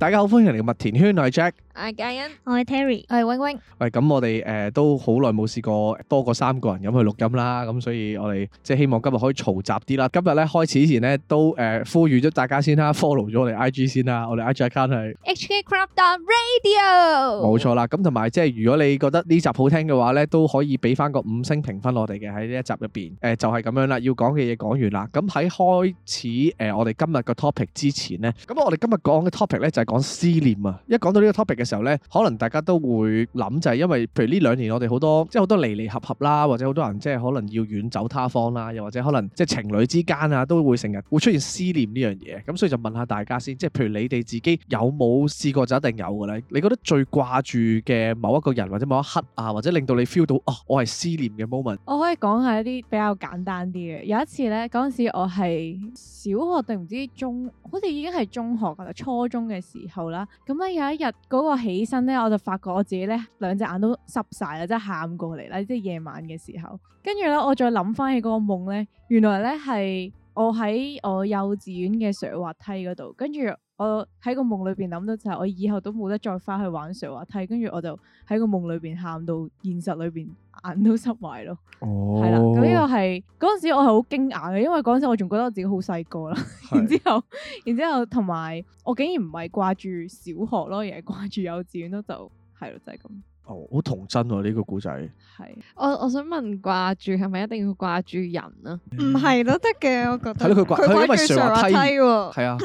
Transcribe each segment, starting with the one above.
大家好，歡迎嚟麥田圈，我係 Jack，我係嘉欣，我係 Terry，我係永永。喂，咁我哋誒、呃、都好耐冇試過多過三個人咁去錄音啦，咁、嗯、所以我哋即係希望今日可以嘈雜啲啦。今日咧開始之前咧都誒、呃、呼籲咗大家先啦，follow 咗我哋 IG 先啦，我哋 IG account 係 HK Crop Radio。冇錯啦，咁同埋即係如果你覺得呢集好聽嘅話咧，都可以俾翻個五星評分我哋嘅喺呢一集入邊。誒、呃、就係、是、咁樣啦，要講嘅嘢講完啦。咁喺開始誒、呃、我哋今日嘅 topic 之前咧，咁我哋今日講嘅 topic 咧就係、是。講思念啊！一講到呢個 topic 嘅時候呢，可能大家都會諗，就係因為譬如呢兩年我哋好多即係好多離離合合啦，或者好多人即係可能要遠走他方啦，又或者可能即係情侶之間啊，都會成日會出現思念呢樣嘢。咁、嗯、所以就問下大家先，即係譬如你哋自己有冇試過？就一定有嘅呢？你覺得最掛住嘅某一個人或者某一刻啊，或者令到你 feel 到哦、啊，我係思念嘅 moment。我可以講下一啲比較簡單啲嘅。有一次呢，嗰陣時我係小學定唔知中，好似已經係中學或者初中嘅時時候啦，咁咧有一日嗰、那個起身咧，我就發覺我自己咧兩隻眼都濕晒啦，即係喊過嚟啦，即係夜晚嘅時候，跟住咧我再諗翻起嗰個夢咧，原來咧係我喺我幼稚園嘅上滑梯嗰度，跟住。我喺個夢裏邊諗到就係我以後都冇得再翻去玩水滑梯，跟住我就喺個夢裏邊喊到現實裏邊眼都濕埋咯。哦，oh，係啦，咁呢個係嗰陣時我係好驚訝嘅，因為嗰陣時我仲覺得我自己好細個啦。是然之後，然之後同埋我竟然唔係掛住小學咯，而係掛住幼稚園咯，就係咯，就係，是，咁。好童真喎！呢個古仔係我，我想問掛住係咪一定要掛住人啊？唔係都得嘅，我覺得睇到佢掛係因為上滑梯喎，係啊，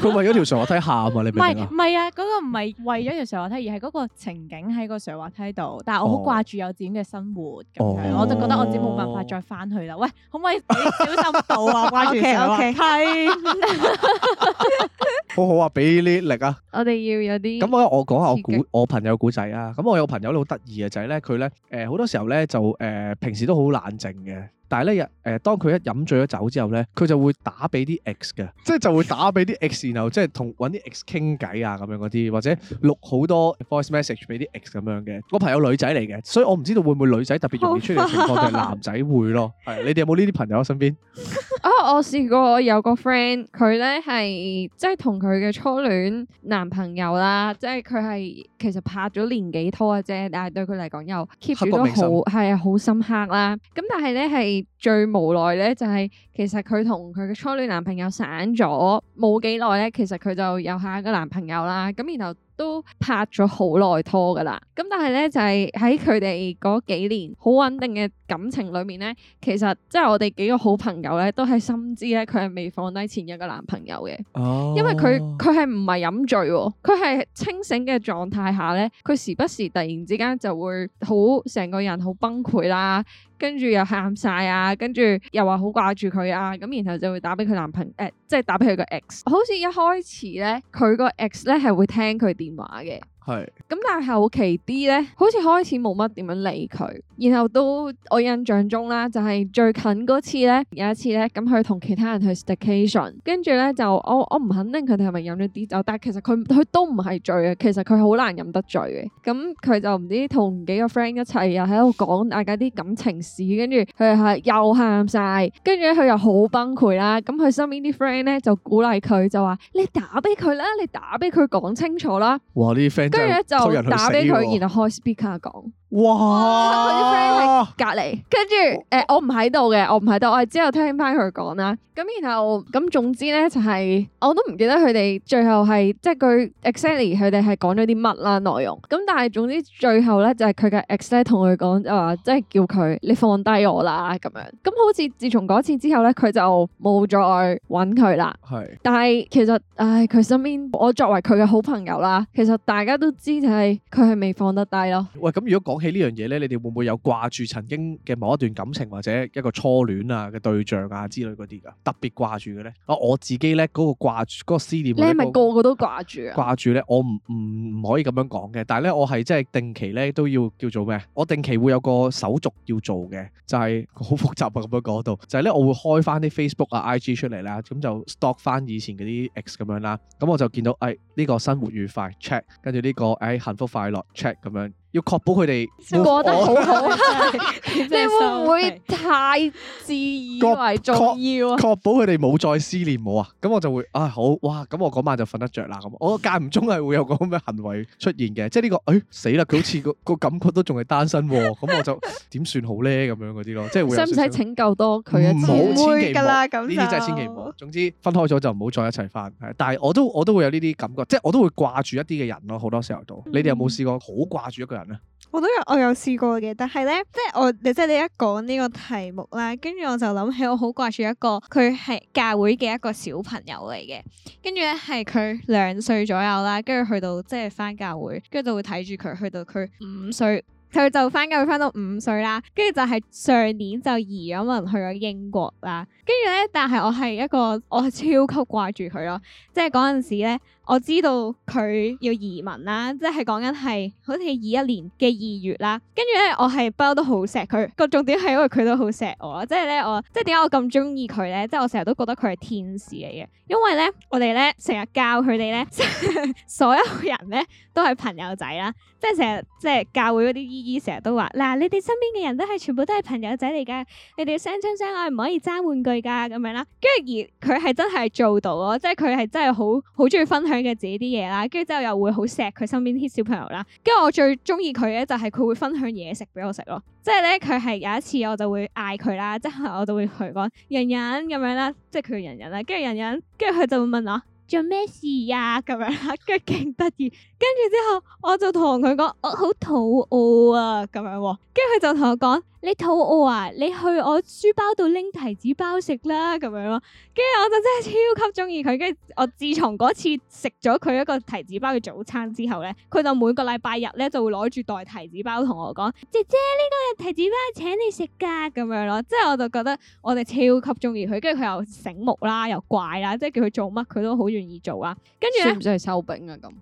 佢為咗條上滑梯喊啊！你唔係唔係啊？嗰個唔係為咗條上滑梯，而係嗰個情景喺個上滑梯度。但係我好掛住有自己嘅生活咁樣，我就覺得我自己冇辦法再翻去啦。喂，可唔可以小心道啊？掛住上滑梯係好好啊！俾啲力啊！我哋要有啲咁，我我講下我古我朋友古仔啊！咁我。我朋友咧好得意嘅，就係咧佢咧誒，好多時候咧就，誒，平時都好冷靜嘅。但係咧，又、呃、誒，當佢一飲醉咗酒之後咧，佢就會打俾啲 ex 嘅，即係就會打俾啲 ex 然後即係同揾啲 ex 傾偈啊，咁樣嗰啲，或者錄好多 voice message 俾啲 ex 咁樣嘅。我朋友女仔嚟嘅，所以我唔知道會唔會女仔特別容易出現情況， 就係男仔會咯。係，你哋有冇呢啲朋友喺身邊？啊、 哦，我試過有個 friend，佢咧係即係同佢嘅初戀男朋友啦，即係佢係其實拍咗年幾拖嘅啫，但係對佢嚟講又 keep 住都好係好深刻啦。咁但係咧係。最無奈咧，就係其實佢同佢嘅初戀男朋友散咗冇幾耐咧，其實佢就有下一個男朋友啦。咁然後。都拍咗好耐拖噶啦，咁但係咧就係喺佢哋嗰幾年好穩定嘅感情裏面咧，其實即係我哋幾個好朋友咧，都係深知咧佢係未放低前一個男朋友嘅，哦、因為佢佢係唔係飲醉，佢係清醒嘅狀態下咧，佢時不時突然之間就會好成個人好崩潰啦，跟住又喊晒啊，跟住又話好掛住佢啊，咁然後就會打俾佢男朋友，誒即係打俾佢個 x 好似一開始咧佢個 x 咧係會聽佢點話嘅。係咁、嗯，但係後期啲咧，好似開始冇乜點樣理佢。然後到我印象中啦，就係、是、最近嗰次咧，有一次咧，咁佢同其他人去 staycation 跟住咧就我我唔肯定佢哋係咪飲咗啲酒，但係其實佢佢都唔係醉嘅，其實佢好難飲得醉嘅。咁、嗯、佢就唔知同幾個 friend 一齊又喺度講大家啲感情事。跟住佢係又喊晒，跟住佢又好崩潰啦。咁佢身邊啲 friend 咧就鼓勵佢，就話你打俾佢啦，你打俾佢講清楚啦。哇！呢啲 friend。跟住咧就打俾佢，然後開 speaker 講。哇！佢啲 friend 喺隔籬，跟住誒，我唔喺度嘅，我唔喺度，我係之後聽翻佢講啦。咁然後咁，總之咧就係、是，我都唔記得佢哋最後係即係佢 exactly 佢哋係講咗啲乜啦內容。咁但係總之最後咧就係佢嘅 ex 咧同佢講啊，即係叫佢你放低我啦咁樣。咁好似自從嗰次之後咧，佢就冇再揾佢啦。係是，但係其實唉，佢身邊我作為佢嘅好朋友啦，其實大家都知就係佢係未放得低咯。喂，咁如果講起呢樣嘢呢，你哋會唔會有掛住曾經嘅某一段感情或者一個初戀啊嘅對象啊之類嗰啲噶？特別掛住嘅呢？我自己呢嗰個掛住嗰個思念，你係咪個個都掛住啊？掛住呢，我唔唔可以咁樣講嘅。但係呢，我係即係定期呢都要叫做咩？我定期會有個手續要做嘅，就係好複雜啊。咁樣講到就係呢，我會開翻啲 Facebook 啊、IG 出嚟啦，咁就 stock 翻以前嗰啲 X 咁樣啦。咁我就見到誒呢個生活愉快 check，跟住呢個誒幸福快樂 check 咁樣。要確保佢哋過得好好， 你會唔會太自以為重要？確保佢哋冇再思念我啊？咁我，我就會啊、哎、好哇，咁我嗰晚就瞓得着啦咁。我間唔中係會有個咁嘅行為出現嘅，即係呢、這個誒，死啦，佢好似個感覺都仲係單身，咁 我就點算好咧？咁樣嗰啲咯，即係會少少。使唔使拯救多佢一次？唔會噶啦，咁呢啲真係千祈唔好。總之分開咗就唔好再一齊翻。但係我都我都會有呢啲感覺，即係我都會掛住一啲嘅人咯。好多時候都，嗯、你哋有冇試過好掛住一個人？我都有，我有試過嘅，但係咧，即係我，你即係你一講呢個題目啦，跟住我就諗起我好掛住一個佢係教會嘅一個小朋友嚟嘅，跟住咧係佢兩歲左右啦，跟住去到即係翻教會，跟住就會睇住佢，去到佢五歲，佢就翻教會翻到五歲啦，跟住就係上年就移咗民去咗英國啦，跟住咧，但係我係一個我係超級掛住佢咯，即係嗰陣時咧。我知道佢要移民啦，即係講緊係好似二一年嘅二月啦。跟住咧，我係不嬲都好錫佢。個重點係因為佢都好錫我，即係咧我，即係點解我咁中意佢咧？即係我成日都覺得佢係天使嚟嘅。因為咧，我哋咧成日教佢哋咧， 所有人咧都係朋友仔啦。即係成日，即係教會嗰啲姨姨成日都話，嗱，你哋身邊嘅人都係全部都係朋友仔嚟噶。你哋相親相愛唔可以爭玩具噶咁樣啦。跟住而佢係真係做到咯，即係佢係真係好好中意分享。佢嘅自己啲嘢啦，跟住之後又會好錫佢身邊啲小朋友啦，跟住我最中意佢咧就係佢會分享嘢食俾我食咯，即係咧佢係有一次我就會嗌佢啦，即係我就會同佢講「人人」咁樣啦，即係佢「人人」啦，跟住「人人」，跟住佢就會問我。做咩事呀、啊？咁樣啦，跟住勁得意，跟住之後我就同佢講，我好肚餓啊，咁樣喎，跟住佢就同我講，你肚餓啊？你去我書包度拎提子包食啦，咁樣咯。跟住我就真係超級中意佢，跟住我自從嗰次食咗佢一個提子包嘅早餐之後咧，佢就每個禮拜日咧就會攞住袋提子包同我講，姐姐呢、呢個提子包請你食㗎，咁樣咯。即係我就覺得我哋超級中意佢，跟住佢又醒目啦，又怪啦，即係叫佢做乜佢都好願意做啊，跟住，算唔算係收兵啊？咁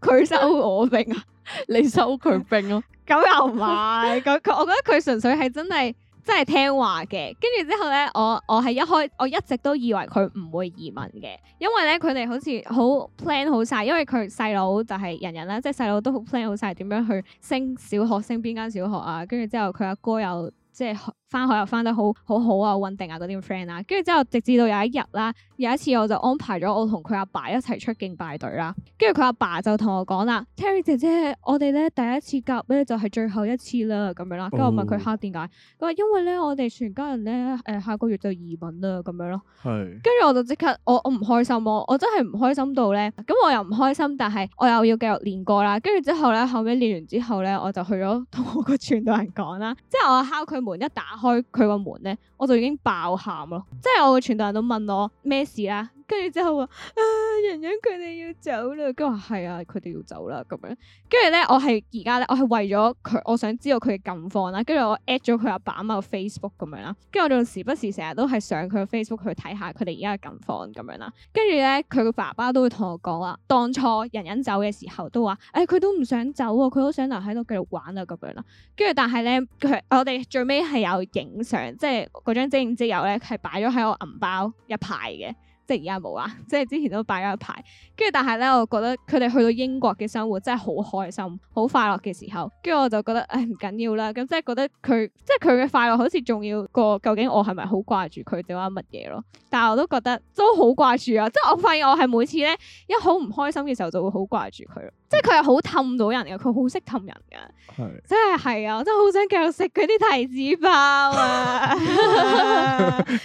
佢 收我兵啊，你收佢兵咯、啊？咁 又唔係，咁 我覺得佢純粹係真係真係聽話嘅。跟住之後咧，我我係一開，我一直都以為佢唔會移民嘅，因為咧佢哋好似好 plan 好晒，因為佢細佬就係人人啦，即係細佬都好 plan 好晒點樣去升小學，升邊間小學啊。跟住之後哥哥，佢阿哥又即係。翻學又翻得好好好啊，穩定啊嗰啲 friend 啊，跟住之後直至到有一日啦，有一次我就安排咗我同佢阿爸一齊出境拜隊啦，跟住佢阿爸就同我講啦，Terry 姐姐，我哋咧第一次夾咧就係最後一次啦咁樣啦，跟住、哦、我問佢嚇點解，佢話因為咧我哋全家人咧誒、呃、下個月就移民啦咁樣咯，係是，跟住我就即刻我我唔開心咯、啊，我真係唔開心到咧，咁我又唔開心，但係我又要繼續練歌啦，跟住之後咧後尾練完之後咧我就去咗同我個傳道人講啦，即係我敲佢門一打。開佢個門咧，我就已經爆喊咯！即係我嘅全隊人都問我咩事啦、啊。跟住之後話，啊，人人佢哋要走啦，跟住我係啊，佢哋要走啦咁樣。跟住咧，我係而家咧，我係為咗佢，我想知道佢嘅近況啦。跟住我 at 咗佢阿爸阿媽嘅 Facebook 咁樣啦，跟住我仲時不時成日都係上佢嘅 Facebook 去睇下佢哋而家嘅近況咁樣啦。跟住咧，佢個爸爸都會同我講啦，當初人人走嘅時候都話，誒、哎，佢都唔想走啊，佢好想留喺度繼續玩啊咁樣啦。跟住但係咧，佢我哋最尾係有影相，即係嗰張征友咧係擺咗喺我銀包一排嘅。即係而家冇啊！即係之前都擺咗一排，跟住但係咧，我覺得佢哋去到英國嘅生活真係好開心、好快樂嘅時候，跟住我就覺得，唉，唔緊要啦。咁即係覺得佢，即係佢嘅快樂，好似重要過究竟我係咪好掛住佢定話乜嘢咯？但我都覺得都好掛住啊！即係我發現我係每次咧一好唔開心嘅時候，就會好掛住佢咯。即係佢係好氹到人嘅，佢好識氹人嘅，真係係啊！我真係好想繼續食佢啲提子包啊！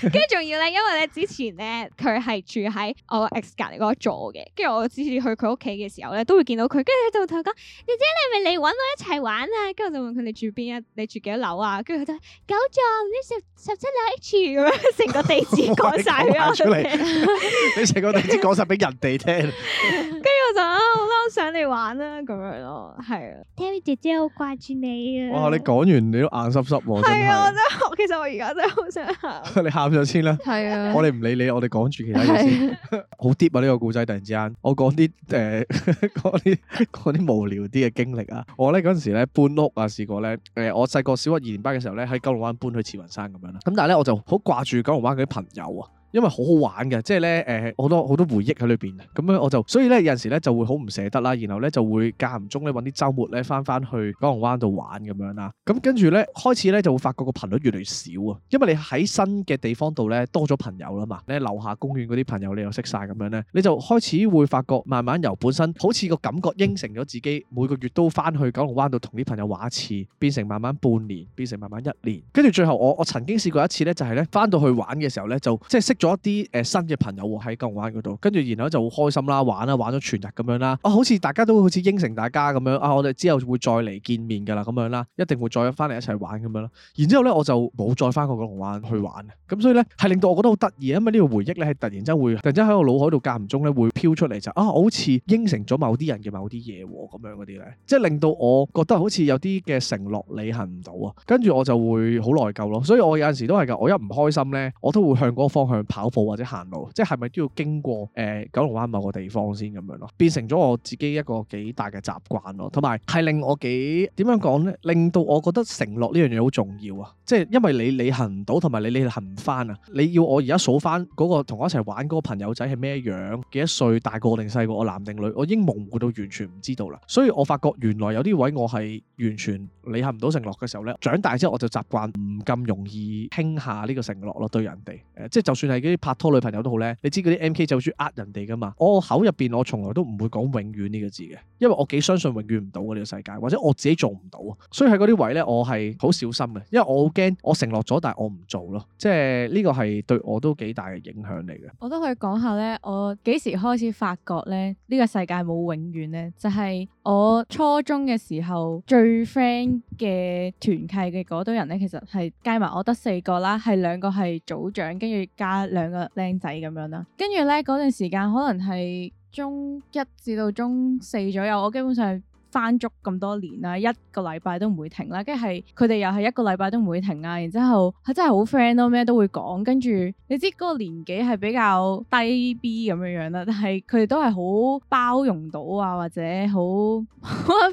跟住仲要咧，因為咧之前咧佢係住喺我 x 隔離嗰座嘅，跟住我之前去佢屋企嘅時候咧，都會見到佢，跟住咧就同佢講：姐姐，你係咪嚟搵我一齊玩啊？跟住我就問佢：你住邊啊？你住幾多樓啊？跟住佢就九座啲十七樓 H 咁樣，成個地址講晒俾我出嚟，你成個地址講晒俾人哋聽。跟住我就啊，好想嚟玩啦咁樣咯，係啊，Terry 姐姐好掛住你啊！哇，你講完你都眼濕濕喎，係啊，我真係，其實我而家真係好想喊， 你喊咗先啦，係啊的，我哋唔理你，我哋講住其他嘢先，的 好 deep 啊呢、呢個故仔突然之間，我講啲誒，講啲講啲無聊啲嘅經歷啊，我咧嗰陣時咧搬屋啊，試過咧，誒，我細個小學二年班嘅時候咧喺九龍灣搬去慈雲山咁樣啦，咁但係咧我就好掛住九龍灣嗰啲朋友啊。因為好好玩嘅，即係咧誒好多好多回憶喺裏邊啊，咁樣我就所以咧有陣時咧就會好唔捨得啦，然後咧就會間唔中咧搵啲周末咧翻翻去九龍灣度玩咁樣啦，咁跟住咧開始咧就會發覺個頻率越嚟越少啊，因為你喺新嘅地方度咧多咗朋友啦嘛，你樓下公園嗰啲朋友你又識晒咁樣咧，你就開始會發覺慢慢由本身好似個感覺應承咗自己每個月都翻去九龍灣度同啲朋友玩一次，變成慢慢半年，變成慢慢一年，跟住最後我我曾經試過一次咧就係咧翻到去玩嘅時候咧就即係識咗。咗一啲誒新嘅朋友喺九龍灣嗰度，跟住然後就好開心啦，玩啦，玩咗全日咁樣啦，啊，好似大家都好似應承大家咁樣啊，我哋之後會再嚟見面㗎啦，咁樣啦，一定會再翻嚟一齊玩咁樣咯。然之後咧，我就冇再翻過九龍灣去玩，咁所以咧係令、啊、令到我覺得好得意，因為呢個回憶咧係突然之間會，突然間喺我腦海度間唔中咧會飄出嚟就啊，好似應承咗某啲人嘅某啲嘢喎，咁樣嗰啲咧，即係令到我覺得好似有啲嘅承諾履行唔到啊，跟住我就會好內疚咯。所以我有陣時都係㗎，我一唔開心咧，我都會向嗰個方向。跑步或者行路，即係咪都要經過誒、呃、九龍灣某個地方先咁樣咯，變成咗我自己一個幾大嘅習慣咯，同埋係令我幾點樣講咧？令到我覺得承諾呢樣嘢好重要啊！即係因為你履行唔到，同埋你履行唔翻啊！你要我而家數翻嗰個同我一齊玩嗰個朋友仔係咩樣幾多歲？大個定細個？我男定女？我已經模糊到完全唔知道啦！所以我發覺原來有啲位我係完全履行唔到承諾嘅時候咧，長大之後我就習慣唔咁容易傾下呢個承諾咯，對人哋誒，即、呃、係就算係，拍拖女朋友都好咧，你知嗰啲 M K 就好中意呃人哋噶嘛？我口入邊我從來都唔會講永遠呢個字嘅，因為我幾相信永遠唔到我呢個世界，或者我自己做唔到啊。所以喺嗰啲位咧，我係好小心嘅，因為我好驚我承諾咗，但係我唔做咯。即係呢個係對我都幾大嘅影響嚟嘅。我都可以講下咧，我幾時開始發覺咧，呢個世界冇永遠咧？就係我初中嘅時候最 friend 嘅團契嘅嗰堆人咧，其實係計埋我得四個啦，係兩個係組長，跟住加。兩個靚仔咁樣啦，跟住咧，嗰段時間可能，係中一至到中四左右，我基本上。翻足咁多年啦，一個禮拜都唔會停啦，跟住係佢哋又係一個禮拜都唔會停啊。然之後佢真係好 friend 咯，咩都會講。跟住你知嗰個年紀係比較低 B 咁樣樣啦，但係佢哋都係好包容到啊，或者好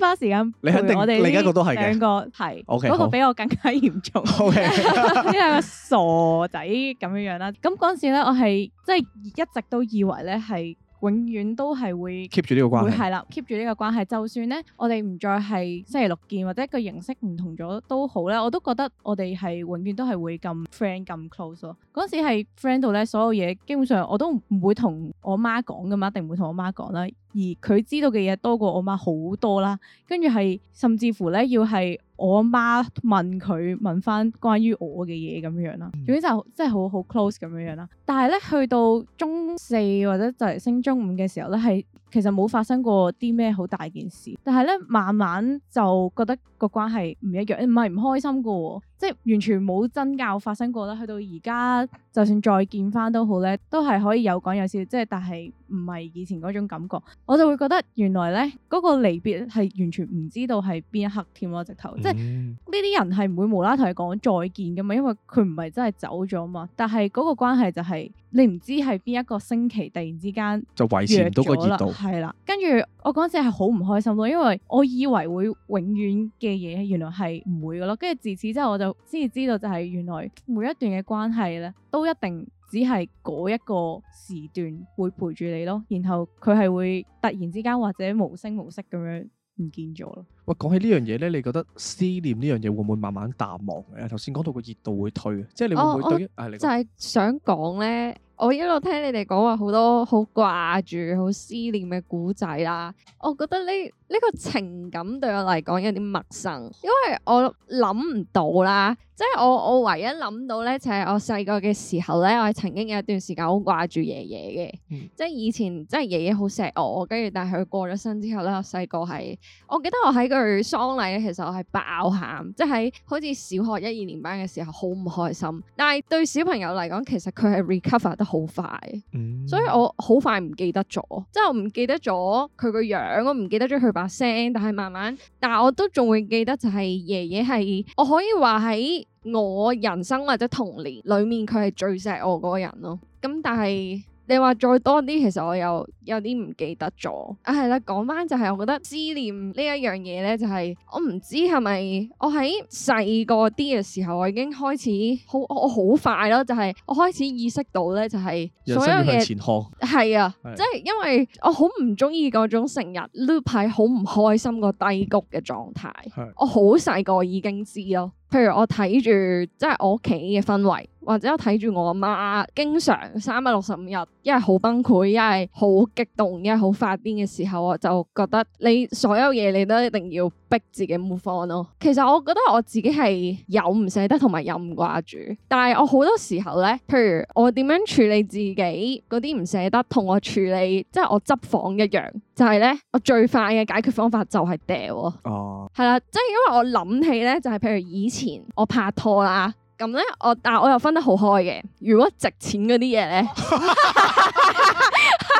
花時間。你肯定，我兩你，肯定你一個都係嘅，兩個係，嗰 Okay, 個比我更加嚴重。因為傻仔咁樣樣啦。咁嗰陣時咧，我係即係一直都以為咧係。永遠都係會,會 keep 住呢個關係，係啦，keep 住呢個關係，就算咧，我哋唔再係星期六見，或者個形式唔同咗都好啦。我都覺得我哋係永遠都係會咁 friend 咁 close 咯。嗰陣時係 friend 到咧，所有嘢基本上我都唔會同我媽講㗎嘛，一定唔會同我媽講啦。而佢知道嘅嘢多過我媽好多啦，跟住係甚至乎咧要係。我媽問佢問返關於我嘅嘢咁樣啦，總之就即係好好 close 咁樣啦。但係呢，去到中四或者就嚟升中五嘅時候呢，係。其實冇發生過啲咩好大件事，但係咧慢慢就覺得個關係唔一樣，唔係唔開心噶，即係完全冇爭拗發生過啦。去到而家，就算再見翻都好咧，都係可以有講有笑，即係但係唔係以前嗰種感覺。我就會覺得原來咧嗰個離別係完全唔知道係邊一刻添咯，直頭即係呢啲人係唔會無啦啦同你講再見噶嘛，因為佢唔係真係走咗嘛，但係嗰個關係就係。你唔知係邊一個星期，突然之間就維持唔到個熱度，係啦。跟住我嗰陣時係好唔開心咯，因為我以為會永遠嘅嘢，原來係唔會㗎咯。跟住自此之後，我就先至知道就係原來每一段嘅關係咧，都一定只係嗰一個時段會陪住你咯。然後佢係會突然之間或者無聲無息咁樣唔見咗咯。喂，講起呢樣嘢咧，你覺得思念呢樣嘢會唔會慢慢淡忘嘅？頭先講到個熱度會退，即係你會唔會對一，哎、就係想講咧，我一路聽你哋講話好多好掛住、好思念嘅古仔啦。我覺得呢呢、呢個情感對我嚟講有啲陌生，因為我諗唔到啦。即係我我唯一諗到咧，就係、是、我細個嘅時候咧，我係曾經有一段時間好掛住爺爺嘅。嗯、即係以前，即係爺爺好錫我，跟住但係佢過咗身之後咧，我細個係我記得我喺。對喪禮咧，其實我係爆喊，即係好似小學一二年班嘅時候，好唔開心。但係對小朋友嚟講，其實佢係 recover 得好快，嗯、所以我好快唔記得咗，即係我唔記得咗佢個樣，我唔記得咗佢把聲。但係慢慢，但係我都仲會記得，就係，就係爺爺係我可以話喺我人生或者童年裏面，佢係最錫我嗰個人咯。咁但係。你話再多啲，其實我又有啲唔記得咗啊！係啦，講翻就係，我覺得思念呢一樣嘢咧，就係我唔知係咪我喺細個啲嘅時候，我已經開始好我好快咯、就係，就係我開始意識到咧，就係所有嘢係啊，即係的因為我好唔中意嗰種成日 loop 喺好唔開心個低谷嘅狀態，的我好細個已經知咯。譬如我睇住即係我屋企嘅氛圍，或者我睇住我阿媽經常三百六十五日，一係好崩潰，一係好激動，一係好發癲嘅時候，我就覺得你所有嘢你都一定要。逼自己 move on 咯，其實我覺得我自己係有唔捨得同埋有唔掛住，但係我好多時候咧，譬如我點樣處理自己嗰啲唔捨得，同我處理即係、就是、我執房一樣，就係、是、咧我最快嘅解決方法就係掉哦，係啦、啊啊，即係因為我諗起咧，就係、是、譬如以前我拍拖啦，咁咧我，但係我又分得好開嘅，如果值錢嗰啲嘢咧。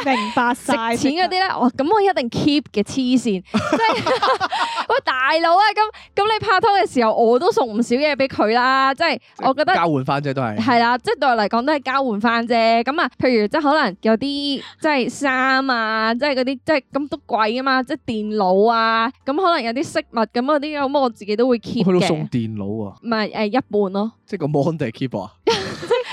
明白曬食錢嗰啲咧，我咁我一定 keep 嘅，黐線，即係喂大佬啊！咁咁你拍拖嘅時候，我都送唔少嘢俾佢啦，即係我覺得交換翻啫，都係係啦，即係對我嚟講都係交換翻啫。咁啊，譬如即係可能有啲即係衫啊，即係嗰啲即係咁都貴啊嘛，即係電腦啊，咁可能有啲飾物咁嗰啲，咁我自己都會 keep 嘅。去到送電腦啊？唔係誒，一半咯。即係個 Monday keep 啊。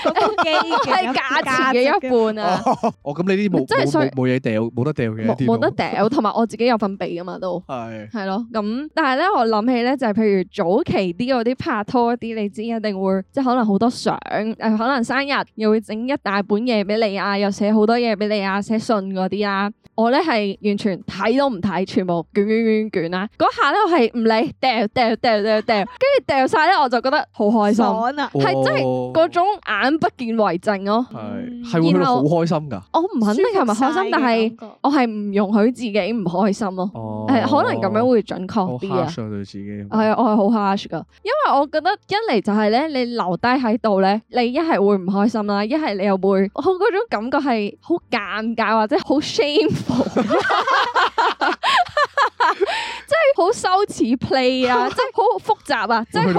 都係價錢嘅一半啊！ 哦，咁、哦嗯嗯嗯、你啲冇真係是衰，冇嘢掉，冇以得掉嘅。冇得掉，同埋我自己有份泌㗎嘛，都係係咯。咁但係咧，我諗起咧，就係譬如早期啲嗰啲拍拖啲，你知一定會即係可能好多相，誒、呃，可能生日又會整一大本嘢俾你啊，又寫好多嘢俾你啊，寫信嗰啲啊。我咧係完全睇都唔睇，全部捲卷卷捲啦。嗰下咧我係唔理，掉掉掉掉掉，跟住掉晒咧，我就覺得好開心。爽啊！係真係嗰種眼。啊不見為淨咯，係、嗯、後會好開心噶。我唔肯定係咪開心，但係是覺我係唔容許自己唔開心咯。係、哦、可能咁樣會準確啲、哦、啊。對自己係啊，我係好 harsh 噶，因為我覺得一嚟就係咧，你留低喺度咧，你一係會唔開心啦，一係你又會，我嗰種感覺係好尷尬或者好 shameful。 好羞恥 play 啊， 即係好複雜啊， 即係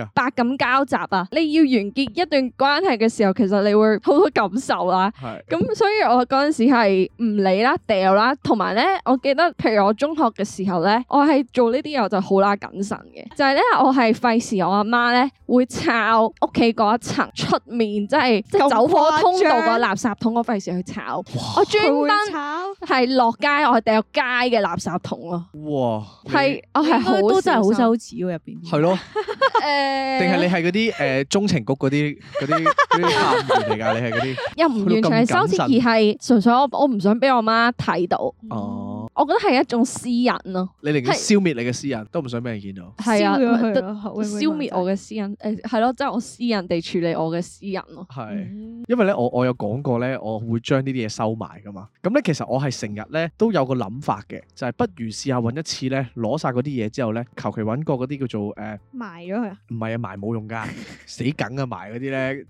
好百感交集啊。 你要完結一段關係嘅時候，其實你會好多感受啦、啊。係咁，所以我嗰陣時係唔理啦，掉啦。同埋咧，我記得，譬如我中學嘅時候咧，我係做呢啲嘢就好啦謹慎嘅，就係、是、咧，我係費事我阿媽咧會抄屋企嗰一層出面，即係即係走火通道個垃圾桶我費事去炒，哇 我專登炒，係落街，我掉街嘅垃圾桶啊。哇！係。我係都真係好羞恥喎，入邊係咯，誒，定係你係嗰啲誒，中情局嗰啲嗰啲嗰啲客門嚟噶？你係嗰啲又唔完全係羞恥、嗯，而係純粹我我唔想俾我媽睇到哦。我覺得係一種私隱咯、啊，你寧願消滅你嘅私隱是都唔想俾人見到，係啊，消滅我嘅私隱，誒係咯，即係我私人地處理我嘅私隱咯。係，因為咧，我我有講過咧，我會將呢啲嘢收埋噶嘛。咁咧，其實我係成日咧都有個諗法嘅，就係、是、不如試下揾一次咧，攞晒嗰啲嘢之後咧，求其揾個嗰啲叫做誒，呃、埋咗佢啊？唔係啊，埋冇用噶， 死梗啊，埋嗰啲咧，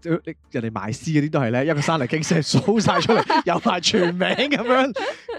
人哋埋屍嗰啲都係咧一個生嚟驚先係晒出嚟，有埋全名咁樣。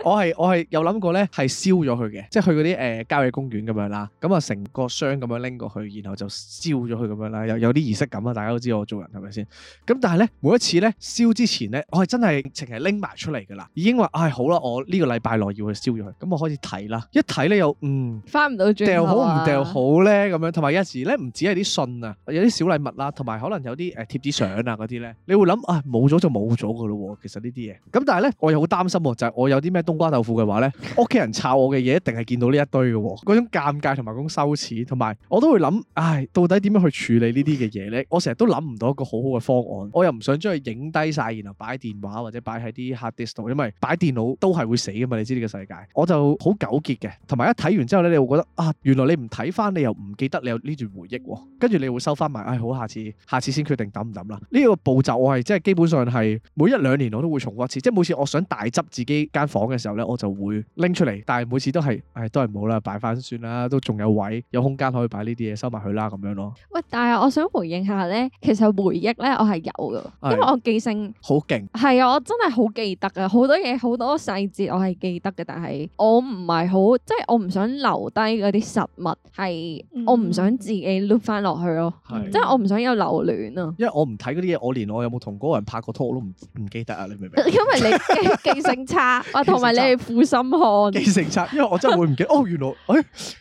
我係我係有諗過咧。咧係燒咗佢嘅，即係去嗰啲誒郊野公園咁樣啦，咁啊成個箱咁樣拎過去，然後就燒咗佢咁樣啦，有有啲儀式感啊，大家都知我做人係咪先？咁但係咧，每一次咧燒之前咧，我係真係淨係拎埋出嚟噶啦，已經話唉、哎、好啦，我呢個禮拜內要去燒咗佢，咁我開始睇啦，一睇咧又嗯翻唔到轉掉好唔掉好咧咁樣，同埋有時咧唔止係啲信啊，有啲小禮物啦，同埋可能有啲誒貼紙相啊嗰啲咧，你會諗啊冇咗就冇咗噶咯喎，其實呢啲嘢，咁但係咧我又好擔心，就係、是、我有啲咩冬瓜豆腐嘅話咧， 屋企人抄我嘅嘢，一定係見到呢一堆嘅、哦。嗰種尷尬同埋種羞恥，同埋我都會諗，唉，到底點樣去處理呢啲嘅嘢咧？我成日都諗唔到一個好好嘅方案。我又唔想將佢影低晒，然後擺電話或者擺喺啲 hard disk 度，因為擺電腦都係會死噶嘛。你知呢個世界，我就好糾結嘅。同埋一睇完之後咧，你會覺得啊，原來你唔睇翻，你又唔記得你有呢段回憶、哦。跟住你會收翻埋，唉、哎，好，下次下次先決定抌唔抌啦。呢、呢個步驟我係即係基本上係每一兩年我都會重複一次。即係每次我想大執自己間房嘅時候咧，我就會拎。出嚟，但係每次都係，誒，都係唔好啦，擺翻算啦，都仲有位，有空間可以擺呢啲嘢，收埋去啦，咁樣咯。喂，但係我想回應下咧，其實回憶咧我係有噶，因為我記性好勁，係啊，我真係好記得啊，好多嘢好多細節我係記得嘅，但係我唔係好，即係我唔想留低嗰啲實物，係我唔想自己碌翻落去咯，即係我唔想有留戀啊。因為我唔睇嗰啲嘢，我連我有冇同嗰個人拍過拖我都唔唔記得啊，你明唔明？因為你記記性差，同埋你係負心漢。記成冊，因為我真係會唔記， 哦，原來，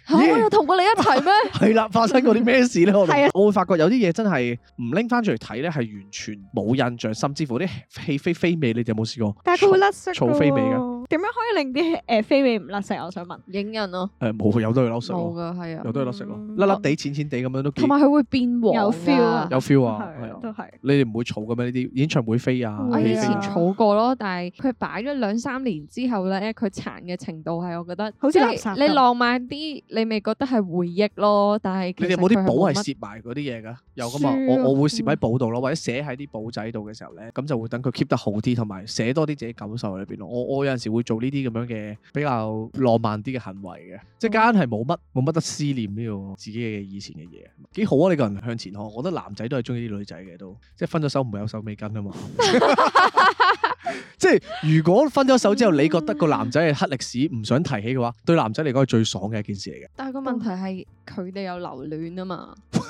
哎，我有同過你一齊咩？係啦， 發生過啲咩事咧？係啊，我會發覺有啲嘢真係唔拎翻出嚟睇咧，係完全冇印象，甚至乎啲氣飛飛味。你哋有冇試過？但係佢會甩色，草飛味噶。點樣可以令啲誒飛尾唔甩色？我想問影人咯，誒冇有都去甩色，冇嘅係啊，有都去甩色咯，甩甩地、淺淺地咁樣都，同埋佢會變黃，有 feel 啊，有 feel 啊，係啊，都係。你哋唔會儲嘅咩呢啲演唱會飛啊？我以前儲過咯，但係佢擺咗兩三年之後咧，誒佢殘嘅程度係我覺得，好似你浪漫啲，你咪覺得係回憶咯。但係你哋有冇啲簿係攝埋嗰啲嘢㗎？有㗎嘛，我我會攝喺簿度咯，或者寫喺啲簿仔度嘅時候咧，咁就會等佢 keep 得好啲，同埋寫多啲自己感受喺入邊咯。我我有陣時，會做呢啲咁樣嘅比較浪漫啲嘅行為嘅，嗯、即係間係冇乜冇乜得思念呢個自己嘅以前嘅嘢，幾好啊！你個人向前看，我覺得男仔都係中意啲女仔嘅都，即係分咗手唔會有手尾跟啊嘛。 即係如果分咗手之後，你覺得個男仔係黑歷史，唔想提起嘅話，對男仔嚟講係最爽嘅一件事嚟嘅。但係個問題係佢哋有留戀啊嘛。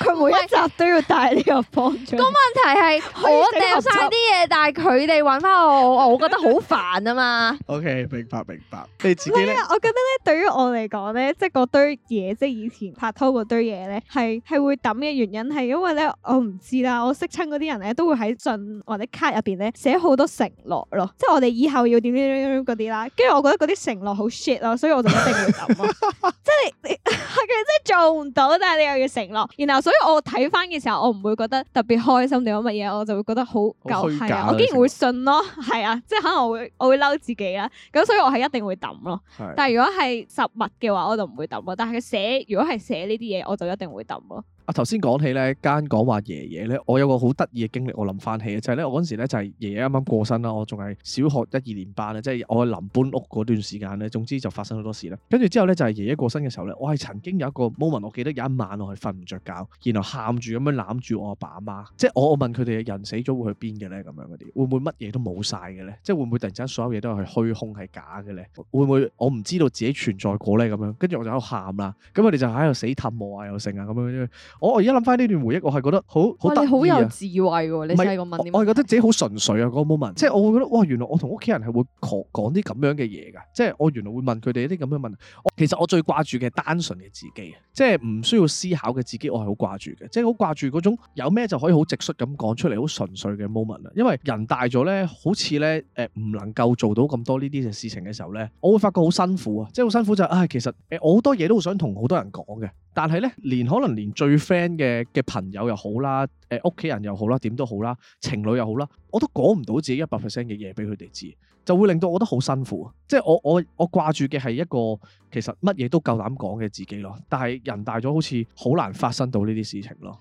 佢每一集都要帶呢個幫助。個喂 問題係 我掉晒啲嘢， 但係佢哋揾翻我，我覺得好煩啊嘛。OK，明白明白。你自己咧，我覺得咧，對於我嚟講咧，即係嗰堆嘢，即係以前拍拖嗰堆嘢咧，係係會揼嘅原因係因為咧，我唔知啦。我識親嗰啲人咧，都會喺信或者卡入邊咧寫好多承諾咯，即係我哋以後要點點點嗰啲啦。跟住我覺得嗰啲承諾好 shit 咯，所以我就一定要揼咯、啊。 即係你佢嘅，即 係做唔到，但係你又要承諾，然後。所以我睇翻嘅時候，我唔會覺得特別開心定咗乜嘢，我就會覺得好假，係啊，我竟然會信咯，係 啊，即係可能我會我會嬲自己啦。咁所以我係一定會抌咯。的但係如果係實物嘅話，我就唔會抌咯。但係佢寫如果係寫呢啲嘢，我就一定會抌咯。我頭先講起咧，間講話爺爺咧，我有個好得意嘅經歷，我諗翻起就係咧，我嗰陣時咧就係爺爺啱啱過身啦，我仲係小學一二年班咧，即係我臨搬屋嗰段時間咧，總之就發生好多事咧。跟住之後咧，就係爺爺過身嘅時候咧，我係曾經有一個 moment，我記得有一晚我係瞓唔着覺，然後喊住咁樣攬住我阿爸阿媽，即係我問佢哋：人死咗會去邊嘅咧？咁樣嗰啲會唔會乜嘢都冇晒嘅咧？即係會唔會突然之間所有嘢都係虛空係假嘅咧？會唔會我唔知道自己存在過咧？咁樣跟住我就喺度喊啦，咁佢哋就喺度死氹我啊又剩啊咁樣。等等。我而家諗翻呢段回憶，我係覺得好好得意、啊、你好有智慧喎、啊，你細個問咩問題？我係覺得自己好純粹啊嗰、那個、moment，即係我會覺得哇，原來我同屋企人係會講啲咁樣嘅嘢㗎，即係我原來會問佢哋一啲咁樣問。我其實我最掛住嘅係單純嘅自己，即係唔需要思考嘅自己，我係好掛住嘅，即係好掛住嗰種有咩就可以好直率咁講出嚟好純粹嘅 moment 啊！因為人大咗咧，好似咧誒唔能夠做到咁多呢啲嘅事情嘅時候咧，我會發覺好辛苦啊！即係好辛苦就係、是、啊、哎，其實誒我好多嘢都好想同好多人講嘅，但係咧連可能連最 friend 嘅嘅朋友又好啦，誒屋企人又好啦，點都好啦，情侶又好啦，我都講唔到自己一百 percent 嘅嘢俾佢哋知，就會令到我覺得好辛苦。即係我我我掛住嘅係一個其實乜嘢都夠膽講嘅自己咯，但係人大咗好似好難發生到呢啲事情咯。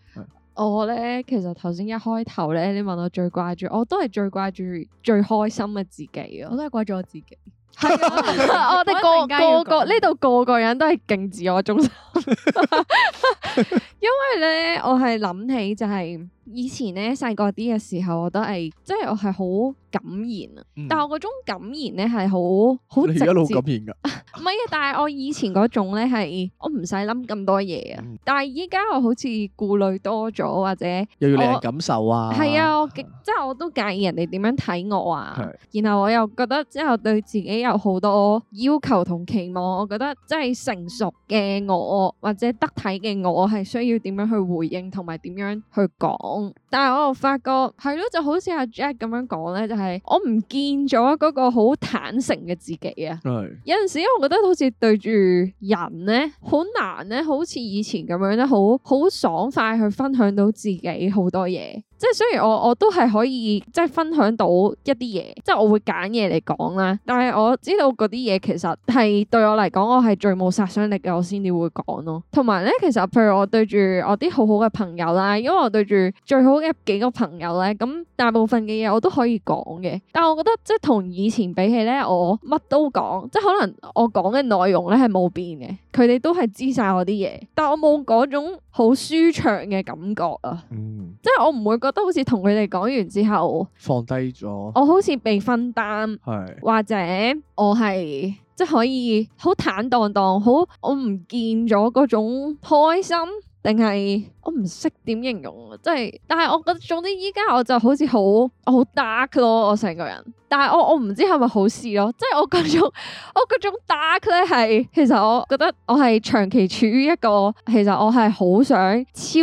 我咧其實頭先一開頭咧，你問我最掛住，我都係最掛住最開心嘅自己咯， 我都係掛住我自己。係啊。 我哋個，個個個呢個度個個人都係勁自我中心， 因為咧，我係諗起就係、是。以前咧細個啲嘅時候，我都係即係我係好感染啊，但係我嗰種感染咧係好好直。你一路感染噶？唔係啊，但係我以前嗰種咧係我唔使諗咁多嘢啊。嗯，但係依家我好似顧慮多咗，或者又要你嘅感受啊。係啊， 即係我都介意人哋點樣睇我啊。是然後我又覺得即係我對自己有好多要求同期望，我覺得即係成熟嘅我或者得體嘅我係需要點樣去回應同埋點樣去講。嗯、但係我又發覺係咯，就好似阿、啊、Jack 咁樣講咧，就係、是、我唔見咗嗰個好坦誠嘅自己啊。係的有陣時，我覺得好似對住人咧，好難咧，好似以前咁樣咧，好好爽快去分享到自己好多嘢。即係雖然我我都係可以即係、就是、分享到一啲嘢，即係我會揀嘢嚟講啦。但係我知道嗰啲嘢其實係對我嚟講，我係最冇殺傷力嘅，我先至會講咯。同埋咧，其實譬如我對住我啲好好嘅朋友啦，因為我對住。最好嘅幾個朋友咧，咁大部分嘅嘢我都可以講嘅。但係我覺得即係同以前比起咧，我乜都講，即係可能我講嘅內容咧係冇變嘅，佢哋都係知晒我啲嘢，但我冇嗰種好舒暢嘅感覺啊。嗯，即係我唔會覺得好似同佢哋講完之後放低咗，我好似被分擔，係是或者我係即係可以好坦蕩蕩，好我唔見咗嗰種開心定係。我唔識點形容，即係，但係我覺得總之依家我就好似好好 dark 咯，我成個人。但係我我唔知係咪好事咯，即係我嗰種我嗰種 dark 咧係，其實我覺得我係長期處於一個其實我係好想超級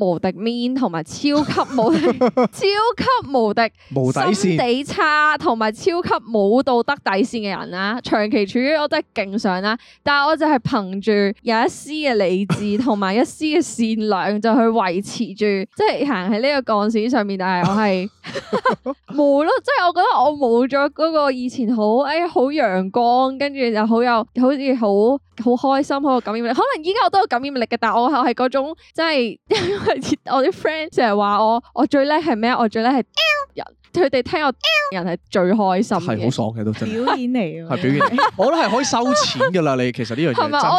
無敵 mean 同埋超級無超級無敵無底線地差同埋超級冇道德底線嘅人啦，長期處於我真係勁想啦，但係我就係憑住有一絲嘅理智同埋一絲嘅善良。就去維持住，即係行喺呢個鋼線上面，但係我係冇咯，即係我覺得我冇咗嗰個以前好，哎，好陽光，跟住就好有，好似好好開心，好有感染力。可能依家我都有感染力嘅，但係我係嗰種，即係因為我啲 friend 成日話我，我最叻係咩？我最叻係人。佢哋聽我人係最開心，係好爽嘅，都真，表演嚟嘅，係表演，我覺得係可以收錢嘅啦。你其實呢樣嘢係咪我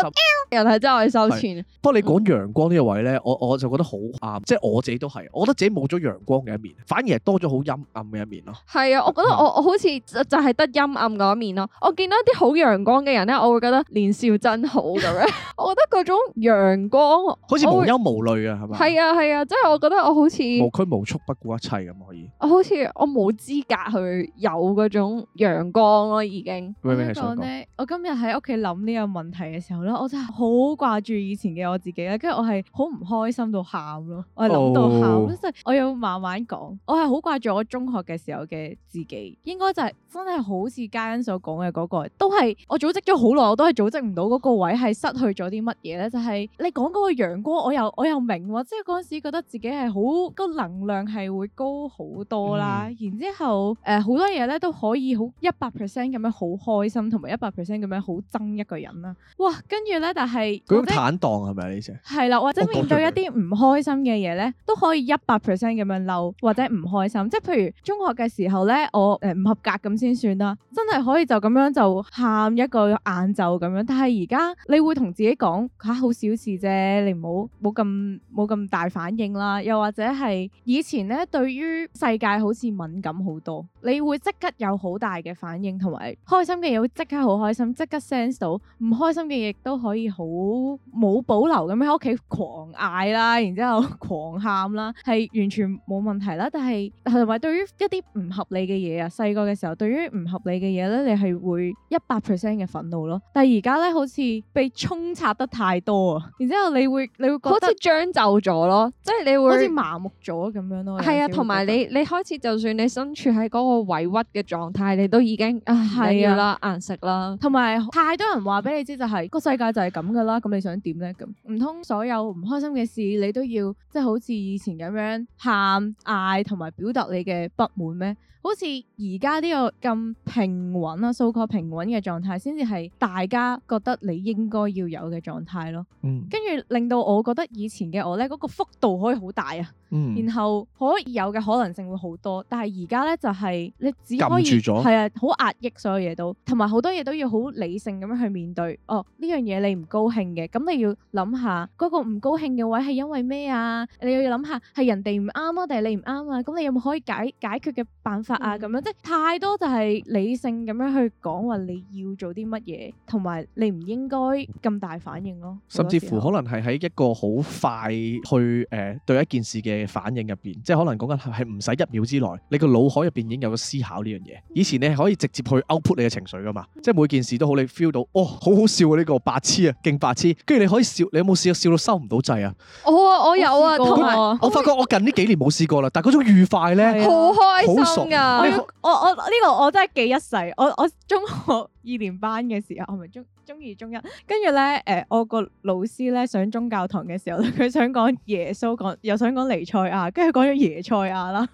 人係真係可以收錢？不過你講陽光呢個位咧，我我就覺得好啱，即係我自己都係，我覺得自己冇咗陽光嘅一面，反而係多咗好陰暗嘅一面咯。係啊，我覺得我我好似就就係得陰暗嗰一面咯。我見到一啲好陽光嘅人咧，我會覺得年少真好咁樣。我覺得嗰種陽光好似無憂無慮啊，係咪？係啊係啊，即係我覺得我好似無拘無束、不顧一切咁可以。我好似我。冇資格去有嗰種陽光咯，啊，已經點講咧？我今日喺屋企諗呢個問題嘅時候咧，我真係好掛住以前嘅我自己啦。跟住我係好唔開心到喊咯，我係諗到喊，即係、哦、我要慢慢講。我係好掛住我中學嘅時候嘅自己，應該就係、是、真係好似嘉欣所講嘅嗰個，都係我組織咗好耐，我都係組織唔到嗰個位，係失去咗啲乜嘢咧？就係、是、你講嗰個陽光，我又我又明喎，即係嗰陣時覺得自己係好、嗰個能量係會高好多啦。嗯然之後，誒、呃、好多嘢咧都可以好一百 percent 咁樣好開心，同埋一百 percent 咁樣好憎一個人啦。哇！跟住咧，但係好坦蕩係咪啊？呢啦者，或者面對一啲唔開心嘅嘢咧，都、哦、可以一百 percent 咁樣嬲或者唔開心。即係 譬如中學嘅時候咧，我誒唔、呃、合格咁先算啦，真係可以就咁樣就喊一個晏晝咁樣。但係而家你會同自己講嚇，好、啊、小事啫，你唔好冇咁冇咁大反應啦。又或者係以前咧，對於世界好似～敏感好多。你會即刻有好大嘅反應，同埋開心嘅嘢會即刻好開心，即刻 sense 到唔開心嘅嘢都可以好冇保留咁喺屋企狂嗌啦，然之後狂喊啦，係完全冇問題啦。但係同埋對於一啲唔合理嘅嘢啊，細個嘅時候對於唔合理嘅嘢咧，你係會一百 percent 嘅憤怒咯。但係而家咧，好似被沖刷得太多啊，然之後你會你會覺得好似將就咗咯，即係你會好似麻木咗咁樣咯。係啊，同埋你你，你開始就算你身處喺嗰個委屈嘅狀態，你都已經啊係啦，硬食啦，同埋太多人話俾你知，就是，就係個世界就係咁噶啦，咁你想點咧？咁唔通所有唔開心嘅事，你都要即係、就是、好似以前咁樣喊嗌，同埋表達你嘅不滿咩？好似而家呢個咁平穩啊，so called 平穩嘅狀態，先至係大家覺得你應該要有嘅狀態咯。嗯，跟住令到我覺得以前嘅我咧，嗰個幅度可以好大啊。嗯，然後可以有嘅可能性會好多，但係而家咧就係你只可以係啊，好壓抑所有嘢都，同埋好多嘢都要好理性咁樣去面對。哦，呢樣嘢你唔高興嘅，咁你要諗下嗰個唔高興嘅位係因為咩啊？你又要諗下係人哋唔啱啊，定係你唔啱啊？咁你有冇可以解解決嘅辦法？啊咁、嗯、樣，即係太多就係理性咁樣去講話你要做啲乜嘢，同埋你唔應該咁大反應咯。甚至乎可能係喺一個好快去誒、呃、對一件事嘅反應入邊，即係可能講緊係唔使一秒之內，你個腦海入邊已經有個思考呢樣嘢。以前你可以直接去 output 你嘅情緒噶嘛，即係每件事都好你 feel 到，哦，好好笑啊呢、呢個白痴啊，勁白痴，跟住你可以笑，你有冇試過笑到收唔到掣啊？我啊、哦，我有啊，那同埋學我發覺我近呢幾年冇試過啦，但係嗰種愉快咧，好、 啊、開心我要我我呢個我真係記一世，我我中學二年班嘅時候，我咪中。中二中一，跟住咧，誒，我個老師咧上宗教堂嘅時候，佢想講耶穌講，又想講尼賽亞，跟住佢講咗耶賽亞啦。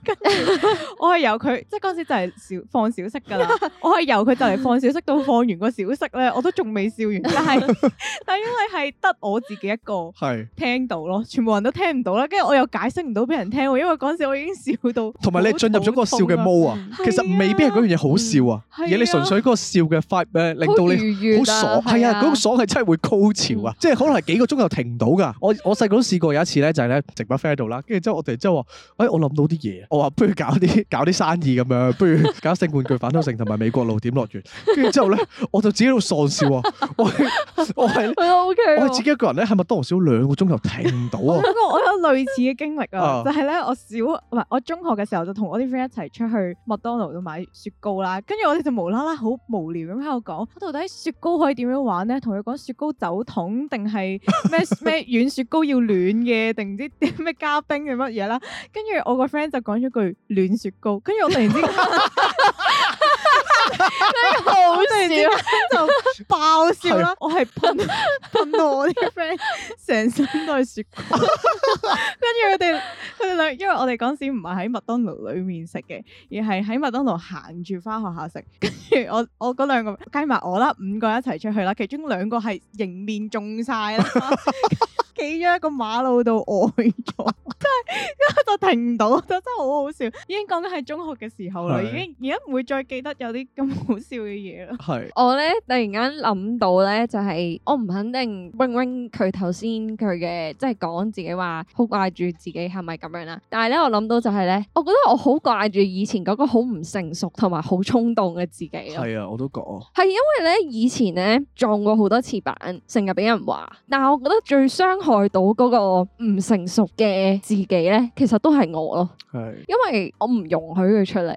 我係由佢，即係嗰陣時就係小放小息㗎啦。我係由佢就嚟放小息到放完個小息咧，我都仲未笑完。但係，但因為係得我自己一個係聽到咯，全部人都聽唔到啦。跟住我又解釋唔到俾人聽，因為嗰陣時我已經笑到。同埋你進入咗個笑嘅模啊，其實未必係嗰樣嘢好笑啊，而你純粹嗰個笑嘅 vibe 咧，令到你好傻。係啊，嗰、那個爽係真係會高潮啊！即係可能係幾個鐘頭停唔到噶。我我細個都試過有一次咧，就係、是、咧，直 f 巴飛喺度啦。跟住之後我哋之後話，哎、欸，我諗到啲嘢，我話不如搞啲搞啲生意咁樣，不如搞性玩具反斗城同埋美國露點樂園。跟住之後咧，我就自己喺度喪笑啊！我 我係 OK。我自己一個人咧，喺麥當勞少兩個鐘頭停唔到啊！不過 我有類似嘅經歷啊， 就係咧，我小唔係我中學嘅時候就同我啲 friend 一齊出去麥當勞度買雪糕啦。跟住我哋就無啦啦好無聊咁喺度講，我到底雪糕可以點樣？玩咧，同佢講雪糕走筒定係咩咩軟雪糕要暖嘅，定唔知咩加冰嘅乜嘢啦？跟住我個 friend 就講咗句暖雪糕，跟住我突然之間。 跟住好笑， 就爆笑啦！我係噴噴到我啲 friend 成身都係雪，跟住佢哋佢哋兩，因為我哋嗰時唔係喺麥當勞裏面食嘅，而係喺麥當勞行住翻學校食。跟 住我我嗰兩個加埋我啦，五個一齊出去啦，其中兩個係迎面中晒啦，企咗 一個馬路度呆咗，呃、 真係一就停唔到，真真好好笑。已經講緊係中學嘅時候啦，已經而家唔會再記得有啲。咁好笑嘅嘢咯，係是我咧突然間諗到咧，就係、是、我唔肯定 ring ring，永永佢頭先佢嘅即係講自己話，好掛住自己係咪咁樣啦？但係咧，我諗到就係咧，我覺得我好掛住以前嗰個好唔成熟同埋好衝動嘅自己咯。係啊，我都覺，係因為咧以前咧撞過好多次板，成日俾人話，但係我覺得最傷害到嗰個唔成熟嘅自己咧，其實都係我咯，係是因為我唔容許佢出嚟。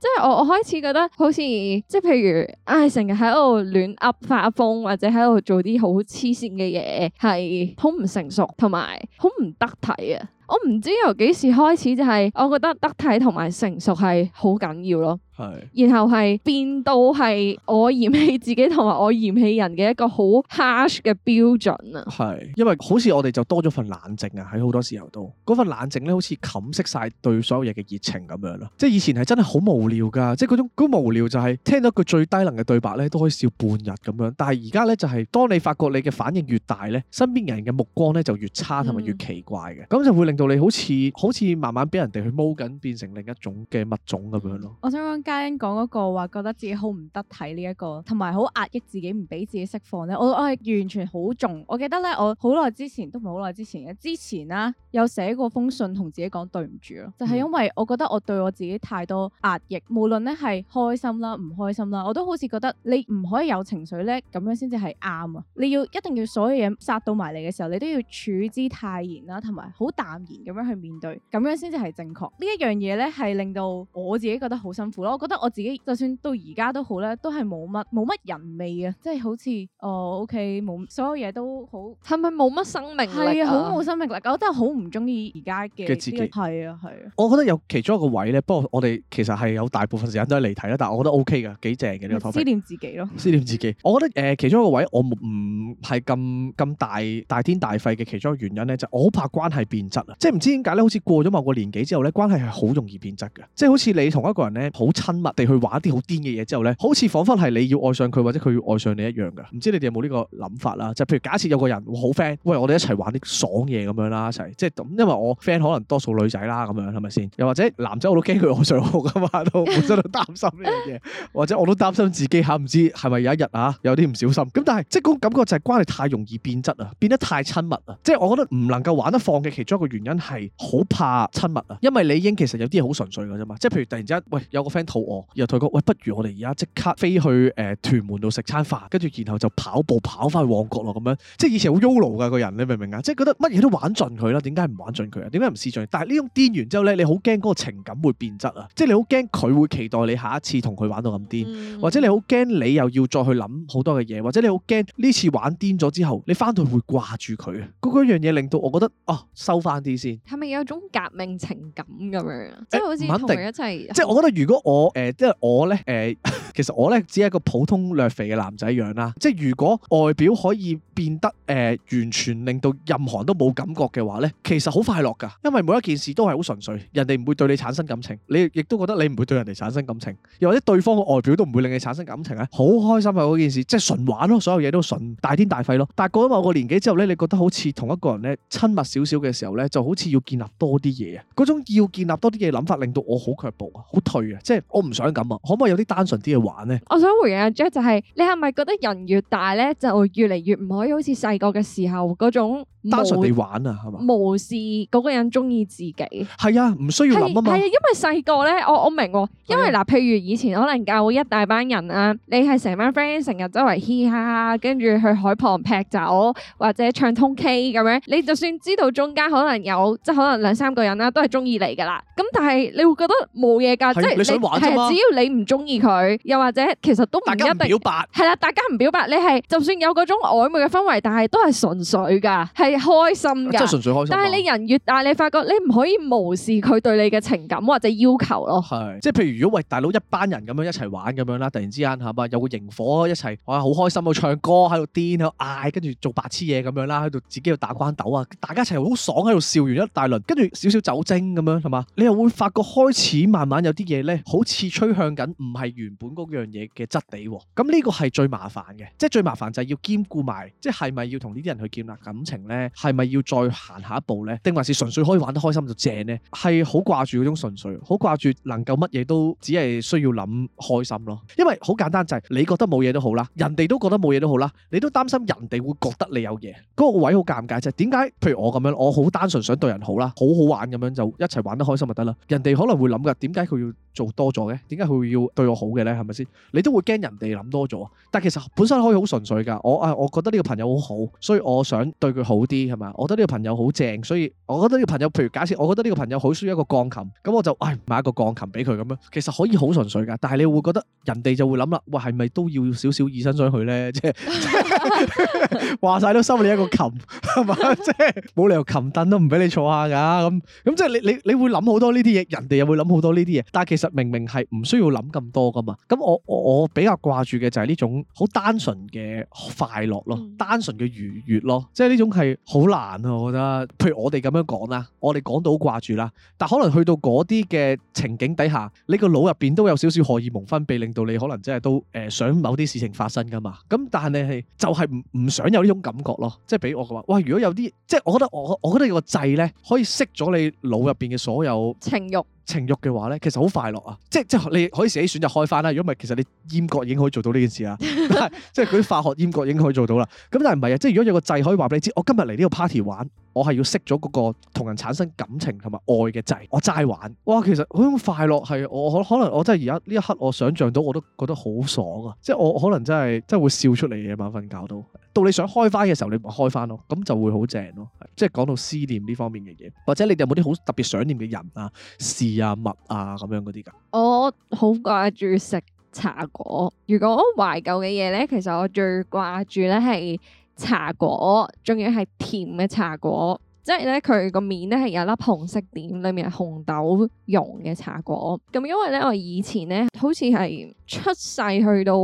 即係我，我開始覺得好似即係譬如唉，成日喺度亂噏發瘋，或者喺度做啲好黐綫嘅嘢，係好唔成熟，同埋好唔得體啊！我唔知由幾時開始就係，我覺得得體同埋成熟係好緊要咯。係，然後係變到係我嫌棄自己，同埋我嫌棄人嘅一個好 harsh 嘅標準啊！係，因為好似我哋就多咗份冷靜啊，喺好多時候都，嗰份冷靜咧，好似冚熄晒對所有嘢嘅熱情咁樣咯。即係以前係真係好無聊噶，即係嗰種嗰種無聊就係聽到佢最低能嘅對白咧，都可以笑半日咁樣。但係而家咧就係，當你發覺你嘅反應越大咧，身邊人嘅目光咧就越差同埋越奇怪嘅，咁、嗯、就會令到你好似好似慢慢俾人哋去踎緊，變成另一種嘅物種咁樣咯。我想講。嘉欣講嗰個話，覺得自己好唔得體呢、這、一個，同埋好壓抑自己，唔俾自己釋放咧。我我係完全好重。我記得咧，我好耐之前都唔係好耐之前之前啦、啊。有寫過封信同自己講對唔住咯，就係因為我覺得我對我自己太多壓抑，無論咧係開心啦、唔開心啦，我都好似覺得你唔可以有情緒咧，咁樣先至係啱啊！你要一定要所有嘢殺到埋嚟嘅時候，你都要處之泰然啦，同埋好淡然咁樣去面對，咁樣先至係正確。呢一樣嘢咧係令到我自己覺得好辛苦咯。我覺得我自己就算到而家都好咧，都係冇乜冇乜人味啊，即係好似哦，ok，冇所有嘢都好，係咪冇乜生命力？係啊，好冇生命力，我真係好唔～唔中意而家嘅自己，係啊係啊，我覺得有其中一個位咧，不過我哋其實係有大部分時間都係離題啦，但係我覺得 OK 噶，幾正嘅呢個 topic。思念自己咯，思念自己。 我覺得誒，其中一個位我唔係咁咁大大癲大肺嘅其中一個原因咧，就我好怕關係變質啊，即係唔知點解咧，好似過咗某個年紀之後咧，關係係好容易變質嘅，即係好似你同一個人咧好親密地去玩啲好癲嘅嘢之後咧，好似仿佛係你要愛上佢或者佢要愛上你一樣噶，唔知你哋有冇呢個諗法啦？就是、譬如假設有個人好 friend，喂我哋一齊玩啲爽嘢咁樣啦，一齊即係。咁因為我 friend 可能多數女仔啦，咁樣係咪先？又或者男仔我都驚佢我上我噶嘛，都本身都擔心呢樣嘢，或者我都擔心自己嚇，唔知係咪有一日啊，有啲唔小心。咁但係即係嗰種感覺就係關係太容易變質啊，變得太親密啊。即係我覺得唔能夠玩得放嘅其中一個原因係好怕親密啊。因為你已經其實有啲嘢好純粹嘅啫嘛，即係譬如突然之間喂有個 friend 肚餓，然後佢講喂不如我哋而家即刻飛去誒、呃、屯門度食餐飯，跟住然後就跑步跑翻去旺角咯咁樣，即係以前好 yolo 嘅個人，你明唔明啊？即係覺得乜嘢都玩盡佢啦，點？點解唔玩盡佢啊？點解唔試盡？但係呢種癲完之後呢，你好驚嗰個情感會變質啊！即係你好驚佢會期待你下一次同佢玩到咁癲，嗯、或者你好驚你又要再去諗好多嘅嘢，或者你好驚呢次玩癲咗之後，你翻到會掛住佢。嗰嗰樣嘢令到我覺得，哦、啊，收翻啲先。係咪有種革命情感咁樣啊？欸、即係好似同佢一齊。即係我覺得如果我誒、即、呃、係、就是、我呢、誒、呃，其實我呢，只係一個普通略肥嘅男仔樣啦。即係如果外表可以變得誒、呃，完全令到任何人都冇感覺嘅話呢。其實好快樂㗎，因為每一件事都係好純粹，人哋唔會對你產生感情，你亦都覺得你唔會對人哋產生感情，又或者對方嘅外表都唔會令你產生感情啊！好開心係嗰件事，即係純玩咯，所有嘢都純，大癲大肺咯。但係過咗某個年紀之後咧，你覺得好似同一個人咧親密少少嘅時候咧，就好似要建立多啲嘢啊！嗰種要建立多啲嘢諗法，令到我好卻步啊，好退啊，即係我唔想咁啊！可唔可以有啲單純啲嘅玩呢？我想回應阿 Jack 就係、是、你係咪覺得人越大咧，就越嚟越唔可以好似細個嘅時候嗰種單純地玩啊？係嘛？試嗰個人中意自己，係啊，唔需要諗啊嘛。係啊，因為細個咧，我我明喎。因為嗱，譬如以前可能教一大班人啊，你係成班 friend 成日周圍嘻嘻哈哈，跟住去海旁劈酒或者唱通 K 咁樣，你就算知道中間可能有，即係可能兩三個人啦，都係中意你㗎啦。咁但係你會覺得冇嘢㗎，即係你係只要你唔中意佢，又或者其實都唔一定表白。係啦，大家唔表白，你係就算有嗰種曖昧嘅氛圍，但係都係純粹㗎，係開心㗎，即係純粹開心。即係你人越大，你發覺你唔可以無視佢對你嘅情感或者要求咯。係，即係譬如如果喂大佬一班人咁樣一齊玩咁樣啦，突然之間吓，哇，有個營火一齊哇，好開心啊，唱歌喺度癲喺度嗌，跟住做白痴嘢，咁樣啦，喺度自己去打關斗啊，大家一齊好爽喺度笑完一大輪，跟住少少酒精咁樣係嘛，你又會發覺開始慢慢有啲嘢咧，好似趨向緊唔係原本嗰樣嘢嘅質地。咁呢個係最麻煩嘅，即係最麻煩就係要兼顧埋，即係係咪要同呢啲人去建立感情咧？係咪要再行下一步？定還是純粹可以玩得開心就正呢？係好掛住嗰種純粹，好掛住能夠乜嘢都只係需要諗開心咯。因為好簡單就係你覺得冇嘢都好啦，人哋都覺得冇嘢都好啦，你都擔心人哋會覺得你有嘢，嗰個位好尷尬啫。即係點解？譬如我咁樣，我好單純想對人好啦，好好玩咁樣就一齊玩得開心就得啦。人哋可能會諗噶，點解佢要做多咗嘅？點解佢要對我好嘅呢？係咪先？你都會驚人哋諗多咗。但其實本身可以好純粹噶，我啊我覺得呢個朋友好好，所以我想對佢好啲，係咪？我覺得呢個朋友好正。所以，我覺得呢個朋友，譬如假設，我覺得呢個朋友好需要一個鋼琴，咁我就誒買一個鋼琴俾佢咁樣，其實可以好純粹㗎。但係你會覺得人哋就會諗啦，喂，係咪都要少少以身相許咧？即係話晒都收你一個琴，係嘛？即係冇理由琴凳都唔俾你坐下㗎。咁咁即係你你你會諗好多呢啲嘢，人哋又會諗好多呢啲嘢。但係其實明明係唔需要諗咁多㗎嘛。咁我我，我比較掛住嘅就係呢種好單純嘅快樂咯，嗯、單純嘅愉悅咯。即係呢種係好難啊，我覺得。譬如我哋咁樣講啦，我哋講到掛住啦，但可能去到嗰啲嘅情景底下，你個腦入邊都有少少荷爾蒙分泌，令到你可能真係都誒、呃、想某啲事情發生噶嘛。咁但係你係就係唔唔想有呢種感覺咯，即係俾我嘅話，哇！如果有啲，即係我覺得我我覺得個掣咧可以熄咗你腦入邊嘅所有情欲。情欲嘅話咧，其實好快樂啊！即即你可以自己選擇開返啦。如果唔係，其實你閹割已經可以做到呢件事啦。 即係佢化學閹割已經可以做到啦。咁但係唔係啊！即係如果有個掣可以話俾你知，我今日嚟呢個 party 玩，我係要熄咗嗰個同人產生感情同埋愛嘅掣，我齋玩。哇！其實嗰種快樂係我可可能我真係而家呢一刻我想象到我都覺得好爽啊！即係我可能真係真係會笑出嚟，夜晚瞓覺都。到你想開翻嘅時候，你咪開翻咯，咁就會好正咯。即係講到思念呢方面嘅嘢，或者你哋有冇啲好特別想念嘅人啊、事啊、物啊咁樣嗰啲㗎？我好掛住食茶果。如果懷舊嘅嘢咧，其實我最掛住咧係茶果，仲要係甜嘅茶果。即係咧，佢個面咧係有粒紅色點，裏面係紅豆蓉嘅茶果。咁因為咧，我以前咧好似係出世去到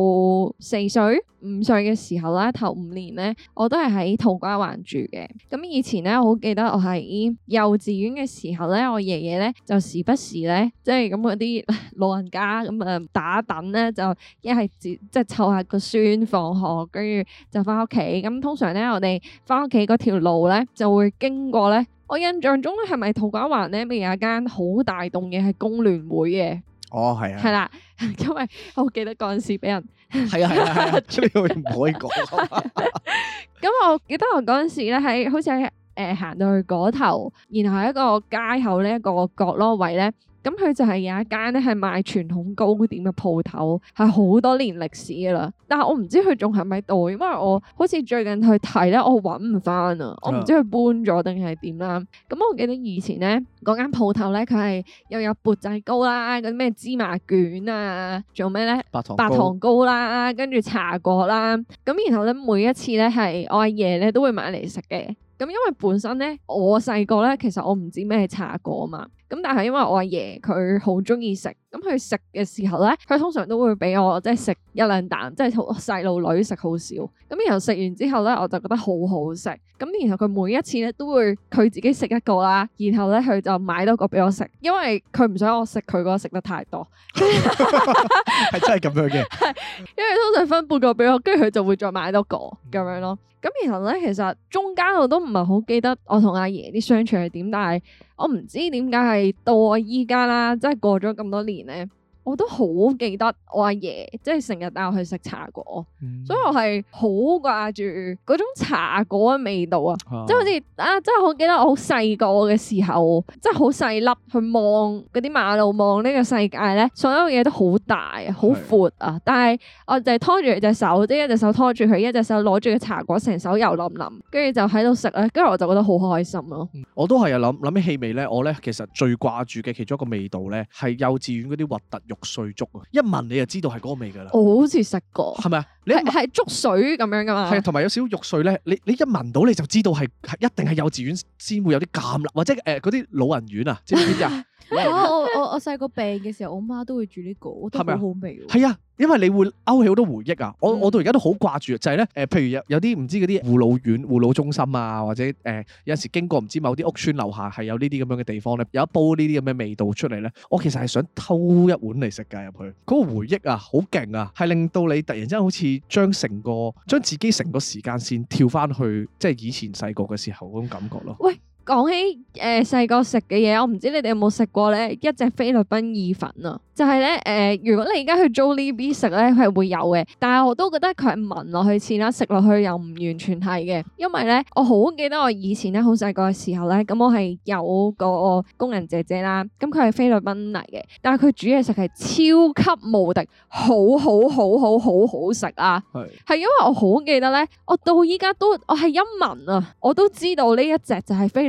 四歲、五歲嘅時候啦，頭五年咧，我都係喺土瓜灣住嘅。咁以前咧，我好記得我係幼稚園嘅時候咧，我爺爺咧就時不時咧，即係咁嗰啲老人家咁啊打躉咧，就、就是、一係即係湊下個孫放學，跟住就翻屋企。咁通常咧，我哋翻屋企嗰條路咧就會經。過咧，我印象中係咪土瓜灣咧？咪有一間好大棟嘢，係工聯會嘅？哦，係啊，係啦、啊，因為我記得嗰陣時俾人係啊係啊，呢，個唔可以講。咁、 嗯、我記得我嗰陣時咧，喺好似喺誒行到去嗰頭，然後喺一個街口咧個角落位咧。咁佢就係有一間咧，係賣傳統糕點嘅鋪頭，係好多年歷史噶啦。但係我唔知佢仲喺咪度，因為我好似最近去睇咧，我揾唔翻啊！嗯、我唔知佢搬咗定係點啦。咁我記得以前咧，嗰間鋪頭咧，佢係又有缽仔糕啦，啲咩芝麻卷啊，仲有咩咧？白糖白糖糕啦，跟住茶果啦。咁然後咧，每一次咧係我阿爺咧都會買嚟食嘅。咁因為本身咧，我細個咧，其實我唔知咩茶果啊嘛。咁但係因為我阿爺佢好中意食，咁佢食嘅時候咧，佢通常都會俾我即係食一兩啖，即係同細路女食好少。咁然後食完之後咧，我就覺得好好食。咁然後佢每一次咧都會佢自己食一個啦，然後咧佢就買多個俾我食，因為佢唔想我食佢嗰個食得太多，係真係咁樣嘅 。係，因為通常分半個俾我，跟住佢就會再買多個咁、嗯、樣咯。咁然後咧，其實中間我都唔係好記得我同阿爺啲相處係點，但係。我唔知點解係到我依家啦，真係過咗咁多年咧。我都好記得我阿爺，即係成日帶我去食茶果，嗯、所以我係好掛住嗰種茶果嘅味道啊！即係好似啊，真係好記得我好細個嘅時候，即係好細粒去望嗰啲馬路望呢個世界咧，所有嘢都好大、好闊啊！是但係我就係拖住隻手，即係一隻手拖住佢，一隻手攞住個茶果，成手油淋淋，跟住就喺度食咧，跟住我就覺得好開心咯、嗯！我都係啊，諗諗起氣味咧，我咧其實最掛住嘅其中一個味道咧，係幼稚園嗰啲核突肉碎粥啊！一聞你就知道係嗰個味噶啦，我、哦、好似食過，係咪啊？你係係粥水咁樣噶嘛，係同埋有少少肉碎咧，你你一聞到你就知道係一定係幼稚園先會有啲橄欖，或者誒嗰啲老人院啊，知唔知啊？ 我細個病嘅時候，我媽都會煮呢、呢個，我覺得好味、啊。係啊，因為你會勾起好多回憶啊！我我到而家都好掛住，就係咧誒，譬如有有啲唔知嗰啲護老院、護老中心啊，或者誒、呃、有時經過唔知某啲屋村樓下係有呢啲咁樣嘅地方咧，有一煲呢啲咁嘅味道出嚟咧，我其實係想偷一碗嚟食㗎入去。嗰、嗰個回憶啊，好勁啊，係令到你突然之間好似將成個將自己成個時間線跳翻去，即係以前細個嘅時候嗰種感覺咯。喂！講起誒細個食嘅嘢，我唔知你哋有冇食過咧，一隻菲律賓意粉啊，就係咧誒，如果你而家去 Jollibee 食咧，佢係會有嘅。但係我都覺得佢係聞落去似啦，食落去又唔完全係嘅，因為咧我好記得我以前咧好細個嘅時候咧，咁我係有個工人姐姐啦，咁佢係菲律賓嚟嘅，但係佢煮嘢食係超級無敵好好好好好好食啊！係係是因為我好記得咧，我到依家都我係一聞啊，我都知道呢一隻就係菲。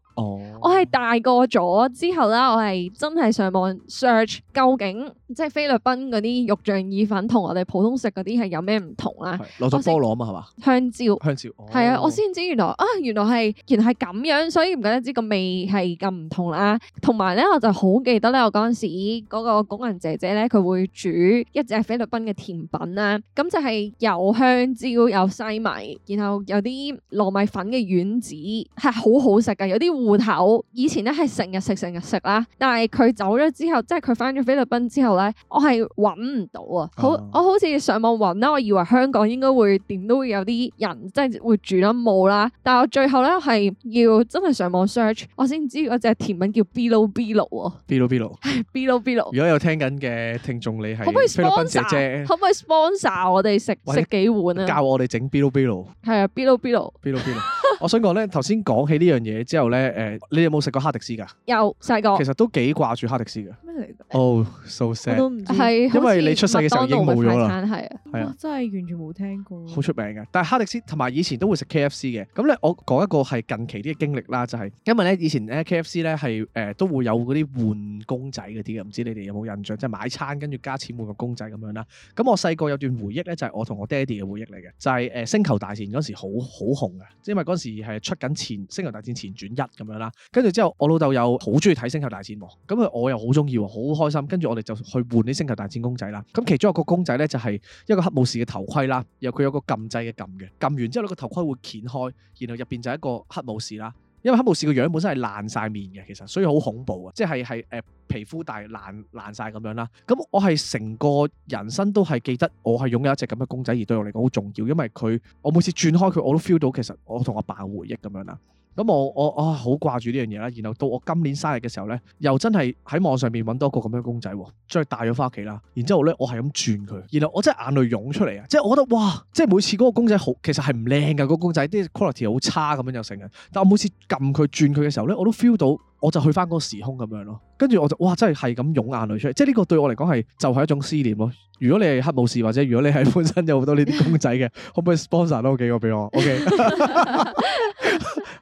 哦，我係大個咗之後啦，我係真係上網 search 究竟即係菲律賓嗰啲肉醬意粉同我哋普通食嗰啲係有咩唔同啦、啊？攞咗菠蘿啊嘛，係嘛才？香蕉，香蕉，係啊、哦，我先知原來啊，原來係原來係咁樣，所以唔怪得之個味係咁唔同啦、啊。同埋咧，我就好記得咧，我嗰陣時嗰個工人姐姐咧，佢會煮一隻菲律賓嘅甜品啦，咁就係有香蕉有西米，然後有啲糯米粉嘅丸子，係好好食嘅，有啲。芋頭以前咧係成日食成日食啦，但係佢走咗之後，即係佢翻咗菲律賓之後咧，我係搵唔到啊！好，我好似上網搵啦，我以為香港應該會點都會有啲人即係會住得冇啦。但係我最後咧係要真係上網 search，我先知嗰隻甜品叫 Bilo Bilo 喎。Bilo Bilo，Bilo Bilo。如果有聽緊嘅聽眾，你係可唔可以 sponsor？可唔可以 sponsor 我哋食食幾碗啊？教我哋整 Bilo Bilo。係啊，Bilo Bilo。Bilo Bilo。 我想講咧，頭先講起呢樣嘢之後咧，誒、呃，你有冇食過哈迪斯噶？有，細個其實都幾掛住哈迪斯嘅。咩嚟？哦、oh,，so sad，我都唔知。係好因為你出世嘅時候已經冇咗啦。係啊，係啊，真係完全冇聽過。好出名嘅，但係哈迪斯同埋以前都會食 KFC 嘅。咁咧，我講一個係近期啲嘅經歷啦，就係、是、因為咧以前咧 KFC 咧係誒、呃、都會有嗰啲換公仔嗰啲嘅，唔知你哋有冇印象？即、就、係、是、買餐跟住加錢換個公仔咁樣啦。咁我細個有段回憶咧，就係我同我爹哋嘅回憶嚟嘅，就係誒星球大戰嗰時好好紅啊，因為嗰。事係出緊前《星球大戰前傳一》咁樣啦，跟住之後我老豆又好中意睇《星球大戰王》喎，咁佢我又好中意，好開心，跟住我哋就去換啲《星球大戰》公仔啦。咁其中一個公仔呢，就係一個黑武士嘅頭盔啦，然後佢有個撳掣嘅撳嘅，撳完之後呢個頭盔會掀開，然後入邊就係一個黑武士啦。因為黑武士個樣本身係爛晒面嘅，其實所以好恐怖嘅，即係係誒皮膚大爛爛晒咁樣啦。咁我係成個人生都係記得我係擁有一隻咁嘅公仔，而對我嚟講好重要，因為佢我每次轉開佢我都 feel 到其實我同阿爸嘅回憶咁樣啦。咁我我啊好掛住呢樣嘢啦，然後到我今年生日嘅時候咧，又真係喺網上面搵到一個咁樣公仔喎，將佢帶咗翻屋企啦，然之後咧我係咁轉佢，然後我真係眼淚湧出嚟啊！即係我覺得哇，即係每次嗰個公仔好，其實係唔靚㗎，嗰個公仔啲 quality 好差咁樣又成嘅，但我每次撳佢轉佢嘅時候咧，我都 feel 到。我就去翻嗰個時空咁樣咯，跟住我就哇真係係咁湧眼淚出嚟，即係呢個對我嚟講係就係一種思念咯。如果你係黑武士或者如果你係本身有好多呢啲公仔嘅，可唔可以 sponsor 多幾個俾我？OK，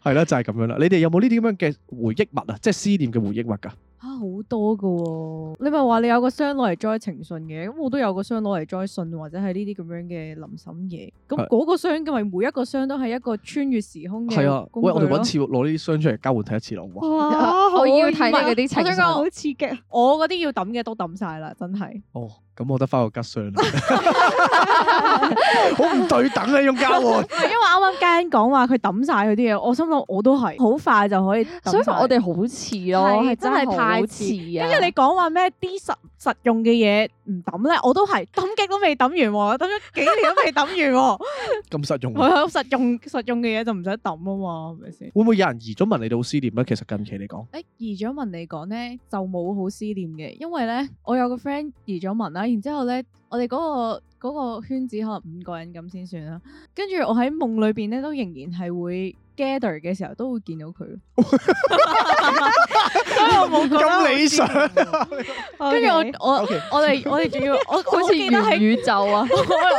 係 啦， 就係、是、咁樣啦。你哋有冇呢啲咁樣嘅回憶物啊？即係思念嘅回憶物㗎？吓好、啊、多噶、啊，你咪話你有個箱攞嚟載情信嘅，咁我都有個箱攞嚟載信或者係呢啲咁樣嘅臨審嘢，咁嗰個箱嘅咪每一個箱都係一個穿越時空嘅係啊，喂，我哋搵次攞呢啲箱出嚟交換睇一次咯，好可以啊？要睇埋嗰啲情信，我我好刺激！我嗰啲要抌嘅都抌晒啦，真係。哦，咁我得翻個吉箱，好唔對等啊，用交換換。 啱啱驚講話佢抌晒佢啲嘢，我心諗我都係，好快就可以抌晒。所以我哋好似咯，係是太真係太似像啊！跟住你講話咩啲實實用嘅嘢唔抌咧，我都係抌極都未抌完喎，抌咗幾年都未抌完喎。咁 實、啊、實用？我有實用實用嘅嘢就唔使抌啊嘛，係咪先？會唔會有人移咗文你到思念咧？其實近期嚟講，誒、欸、移咗文嚟講咧就冇好思念嘅，因為咧我有個 friend 移咗文啦，然之後咧。我哋嗰個嗰個圈子可能五個人咁先算啦，跟住我喺夢裏面都仍然係會 gather 嘅時候都會見到佢， 所以我冇咁理想。跟住 我我 Okay. 我哋我哋仲要我好似元宇宙啊，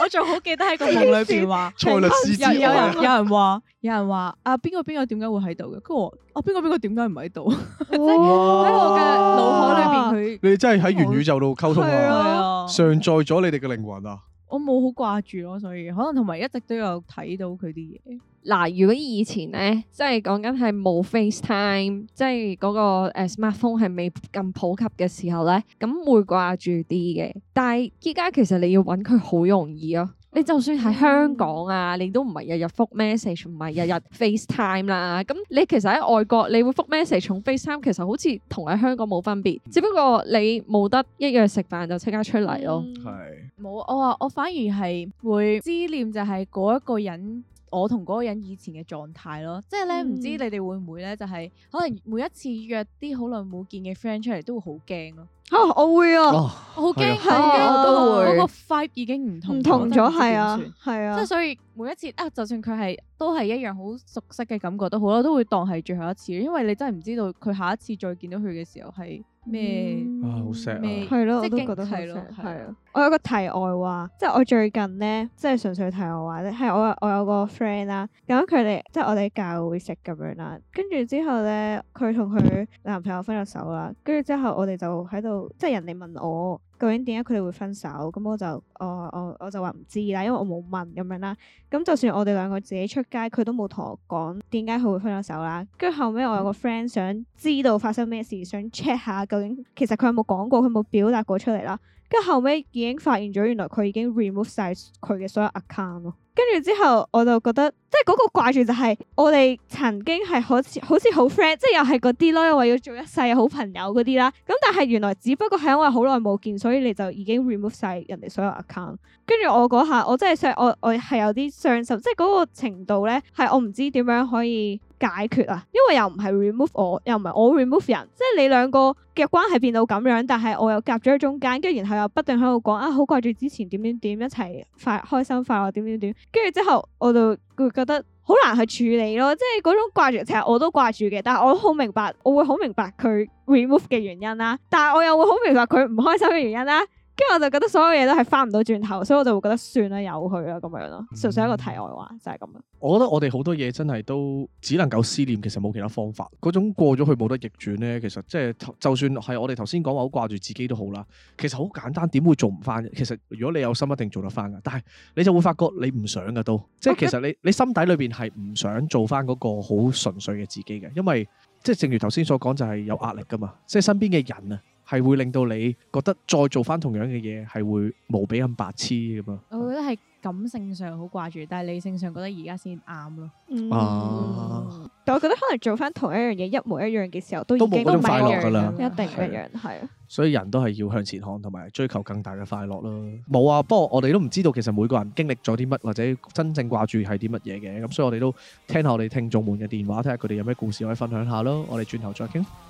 我仲 好記得喺個夢裏邊話思，有人有人 有人話有人話啊邊個邊個點解會喺度嘅？跟住哇 我啊邊個邊個點解唔喺度？即係喺我嘅腦海裏邊佢。你真係喺元宇宙度溝通我啊！上載咗你哋嘅靈魂啊！我冇好掛住咯，所以可能同埋一直都有睇到佢啲嘢。嗱，如果以前咧，即係講緊係冇 FaceTime，即係嗰個 smartphone 係未咁普及嘅時候咧，咁會掛住啲嘅。但係依家其實你要揾佢好容易咯，啊，你就算喺香港啊，你都唔係日日覆 message，唔係日日 FaceTime 啦，啊。咁你其實喺外國，你會覆 message，同 FaceTime，其實好似同喺香港冇分別，只不過你冇得一約食飯就即刻出嚟咯，啊。係、嗯，冇是我話我反而係會思念就係嗰一個人。我同嗰個人以前嘅狀態咯，即係咧、就是，唔知你哋會唔會咧，就係可能每一次約啲好耐冇見嘅 friend 出嚟，都會好驚咯。我會啊，好驚、哦，好驚，我都會。嗰個 fate 已經唔同，唔同咗係啊，係啊，即係所以每一次啊，就算佢係都係一樣好熟悉嘅感覺都好啦，都會當係最後一次，因為你真係唔知道佢下一次再見到佢嘅時候係。咩啊，好錫啊，係咯，我都覺得係咯，係啊。我有個題外話，即係我最近咧，即係純粹題外話咧，係我我有個 friend 啦，咁佢哋即係我哋喺教會識咁樣啦，跟住之後咧，佢同佢男朋友分咗手啦，跟住之後我哋就喺度，即係人哋問我。究竟點解佢哋會分手？咁、嗯、我就我我我就話唔知啦，因為我冇問咁樣啦。咁就算我哋兩個自己出街，佢都冇同我講點解佢會分咗手啦。跟住後尾，我有個 friend 想知道發生咩事，想 check 下究竟其實佢有冇講過，佢冇表達過出嚟啦。跟住後尾已經發現咗，原來佢已經 remove 晒佢嘅所有 account 咯。跟住之後，我就覺得即係嗰個掛住就係我哋曾經係好似好似好 friend，即係又係嗰啲咯，為要做一世好朋友嗰啲啦。咁但係原來只不過係因為好耐冇見，所以你就已經 remove 晒人哋所有 account。跟住我嗰下，我真係想我我係有啲傷心，即係嗰個程度咧，係我唔知點樣可以解決啊。因為又唔係 remove 我，又唔係我 remove 人，即係你兩個嘅關係變到咁樣，但係我又夾咗喺中間，跟住然後又不斷喺度講啊，好掛住之前點點點一齊快開心快樂點點點。怎樣怎樣。跟住之後，我就會覺得好難去處理咯，即係嗰種掛住，其實我都掛住嘅，但係我好明白，我會好明白佢 remove 嘅原因啦，但係我又會好明白佢唔開心嘅原因啦。跟住我就覺得所有嘢都係翻唔到轉頭，所以我就會覺得算啦，由佢啦咁樣咯。嗯、純粹一個題外話就係咁樣。我覺得我哋好多嘢真係都只能夠思念，其實冇其他方法。嗰種過咗去冇得逆轉呢，其實即係就算係我哋頭先講話好掛住自己都好啦。其實好簡單，點會做唔翻？其實如果你有心，一定做得翻噶。但係你就會發覺你唔想噶，都即係其實你 Okay. 你心底裏邊係唔想做翻嗰個好純粹嘅自己嘅，因為即係正如頭先所講，就係有壓力噶嘛，即係身邊嘅人啊。係會令到你覺得再做翻同樣嘅嘢係會無比咁白痴咁咯。我覺得係感性上好掛住，但係理性上覺得而家先啱咯。嗯，啊、嗯，但我覺得可能做翻同一樣嘢一模一樣嘅時候，都冇嗰種快樂噶啦，一定一樣係。所以人都係要向前看同埋追求更大嘅快樂咯。冇啊，不過我哋都唔知道其實每個人經歷咗啲乜，或者真正掛住係啲乜嘢嘅。咁所以我哋都聽下我哋聽眾們嘅電話，睇下佢哋有咩故事可以分享下咯。我哋轉頭再傾。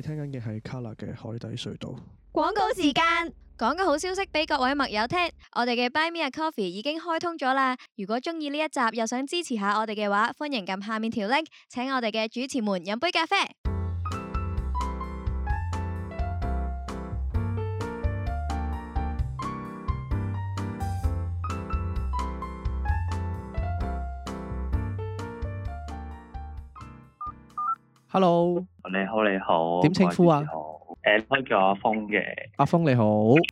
聽緊嘅係 KOLOR 嘅海底隧道。廣告時間，講個好消息俾各位麥友聽，我哋嘅 Buy Me A Coffee 已經開通咗啦！如果中意呢一集又想支持下我哋嘅話，歡迎撳下面條 link，請我哋嘅主持們飲杯咖啡。Hello。你好，你好，點稱呼啊？誒，可以、呃、叫我阿峰嘅。阿峰你好，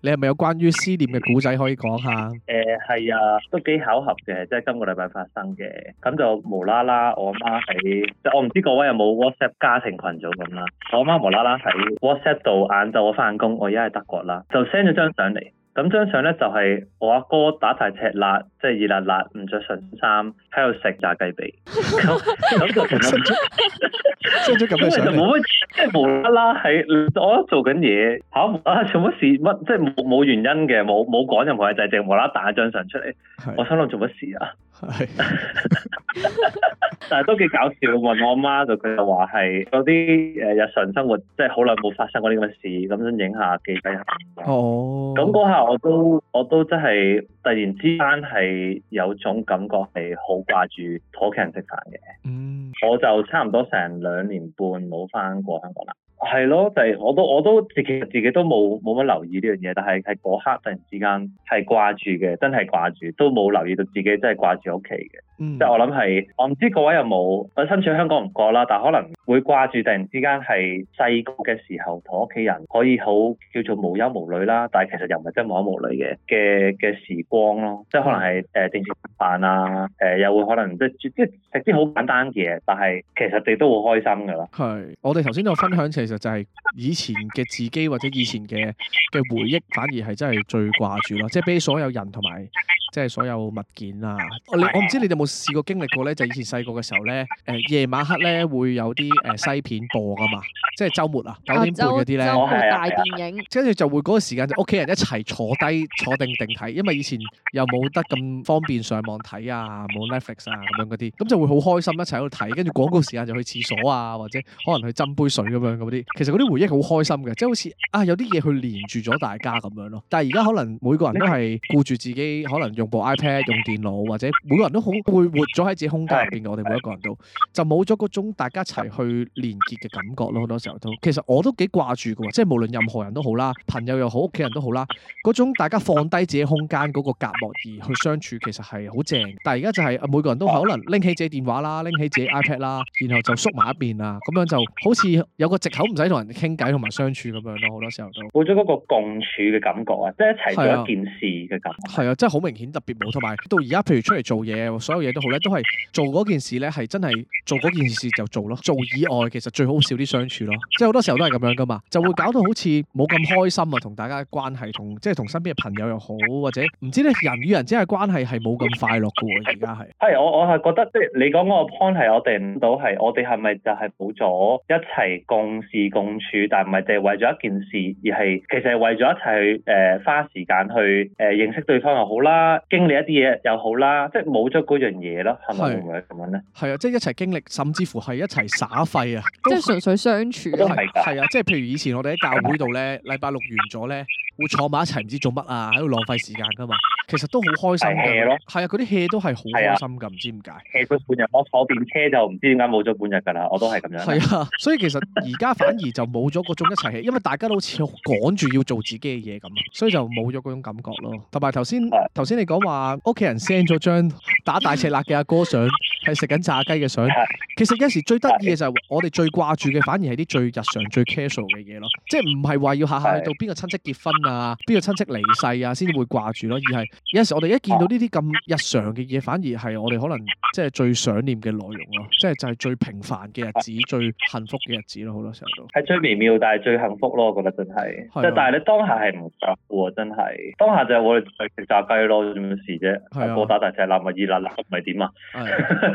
你係咪有關於思念嘅故仔可以講下？誒係、呃、啊，都幾巧合嘅，即係今個禮拜發生嘅。咁就無啦啦，我媽喺，即我唔知各位有冇 WhatsApp 家庭群組咁啦。我媽無啦啦喺 WhatsApp 度，晏晝我翻工，我而家喺德國啦，就 send 咗張相嚟。咁張相咧就係、是、我阿哥打曬赤辣，即係熱辣辣，唔着上衫，喺度食炸雞髀。咁 就成日出出咁嘅就冇乜，即係無啦啦係，我做緊嘢嚇，做乜事乜？即係冇冇原因嘅，冇冇講任何嘢，就係淨無啦啦打一張相出嚟。我心諗做乜事啊？係， 但係都幾搞笑。問我媽，就佢就話係嗰啲誒日常生活，即係好耐冇發生過啲咁嘅事，咁樣影下記低下。下哦，咁嗰下我都我都真係突然之間係有種感覺係好掛住同屋企人食飯嘅。嗯，我就差唔多成兩年半冇翻過香港啦。係咯，就係、是、我都我都其實自己都冇冇乜留意呢樣嘢，但係喺嗰刻突然之間係掛住嘅，真係掛住，都冇留意到自己真係掛住屋企嘅。即係、嗯、我諗係，我唔知各位有冇，我身處香港唔覺啦，但係可能會掛住突然之間係細個嘅時候，同屋企人可以好叫做無憂無慮啦，但係其實又唔係真係無憂無慮嘅嘅嘅時光咯，即係可能係誒定時食飯啊，誒、呃、又會可能即係即係食啲好簡單嘅嘢，但係其實哋都好開心㗎咯。係，我哋頭先有分享，其實就係以前嘅自己或者以前嘅嘅回憶，反而係真係最掛住咯，即係俾所有人同埋即係所有物件啊，我我唔知你哋冇試過經歷過咧，就以前細個嘅時候咧，誒、呃、夜晚黑咧會有啲誒、呃、西片播㗎嘛，即係周末啊九點半嗰啲咧，大電影，跟住就會嗰個時間就屋企人一齊坐低坐定定睇，因為以前又冇得咁方便上網睇啊，冇 Netflix 啊咁樣嗰啲，咁就會好開心一齊喺度睇，跟住廣告時間就去廁所啊，或者可能去斟杯水咁樣嗰啲，其實嗰啲回憶好開心嘅，即係好似啊有啲嘢去連住咗大家咁樣咯。但係而家可能每個人都係顧住自己，可能用部 iPad、用電腦或者每個人都好。會活咗喺自己空間入邊嘅。我哋每一個人都就冇咗嗰種大家一齊去連結嘅感覺咯。好多時候都其實我都幾掛住㗎喎，即係無論任何人都好啦，朋友又好，屋企人都好啦，嗰種大家放低自己空間嗰個隔膜而去相處，其實係好正。但係而家就係每個人都可能拎起自己電話啦，拎起自己 iPad 啦，然後就縮埋一邊啊，咁樣就好似有個藉口唔使同人傾偈同埋相處咁樣咯。好多時候都冇咗嗰個共處嘅感覺啊，即係一齊做一件事嘅感覺。係啊，即係好明顯特別冇，同埋到而家譬如出嚟做嘢，所有嘢。都好咧，都係做嗰件事咧，係真係做嗰件事就做咯。做以外，其實最好少啲相處咯。即係好多時候都係咁樣噶嘛，就會搞到好似冇咁開心啊，同大家嘅關係，同即係同身邊嘅朋友又好，或者唔知咧人與人之間嘅關係係冇咁快樂嘅喎。而家係係我我係覺得即係、就是、你講嗰個 point 係我哋唔到係，我哋係咪就係冇咗一齊共事共處？但唔係淨係為咗一件事，而係其實係為咗一齊去誒、呃、花時間去誒、呃、認識對方又好啦，經歷一啲嘢又好啦，即係冇咗嗰樣。嘢咯，係咪咁樣咧？係啊，即係一齊經歷，甚至乎係一齊耍廢啊！即係係純粹相處，係啊，即係譬如以前我哋喺教會度咧，禮拜係六完咗咧。會坐埋一齊唔知做乜啊，喺度浪費時間噶嘛，其實都好開心嘅。係啊的，嗰啲 h 都係好開心噶，唔的知點解 h e 半日我坐電車就唔知點解冇咗半日噶啦，我都係咁樣。係啊，所以其實而家反而就冇咗嗰種一齊，因為大家都好似趕住要做自己嘅嘢咁，所以就冇咗嗰種感覺咯。同埋頭先頭先你講話屋企人 send 咗張打大赤辣嘅阿哥，哥相，係食緊炸雞嘅相。的其實有時最得意嘅就係我哋最掛住嘅反而係啲最日常最 casual 嘅嘢咯，即係唔係話要下下去到邊個親戚結婚。的啊！邊個親戚離世啊，先會掛住咯。而係有陣時，我哋一見到呢啲咁日常嘅嘢，反而係我哋可能即係最想念嘅內容咯。即係就係最平凡嘅日子，啊、最幸福嘅日子咯。好多時候都係最微妙，但係最幸福咯。我覺得真係，即係、啊、但係你當下係唔在乎，真係當下就係我哋食炸雞咯，咁樣事啫。係啊，打大隻係攬物熱啦，攬唔係點啊？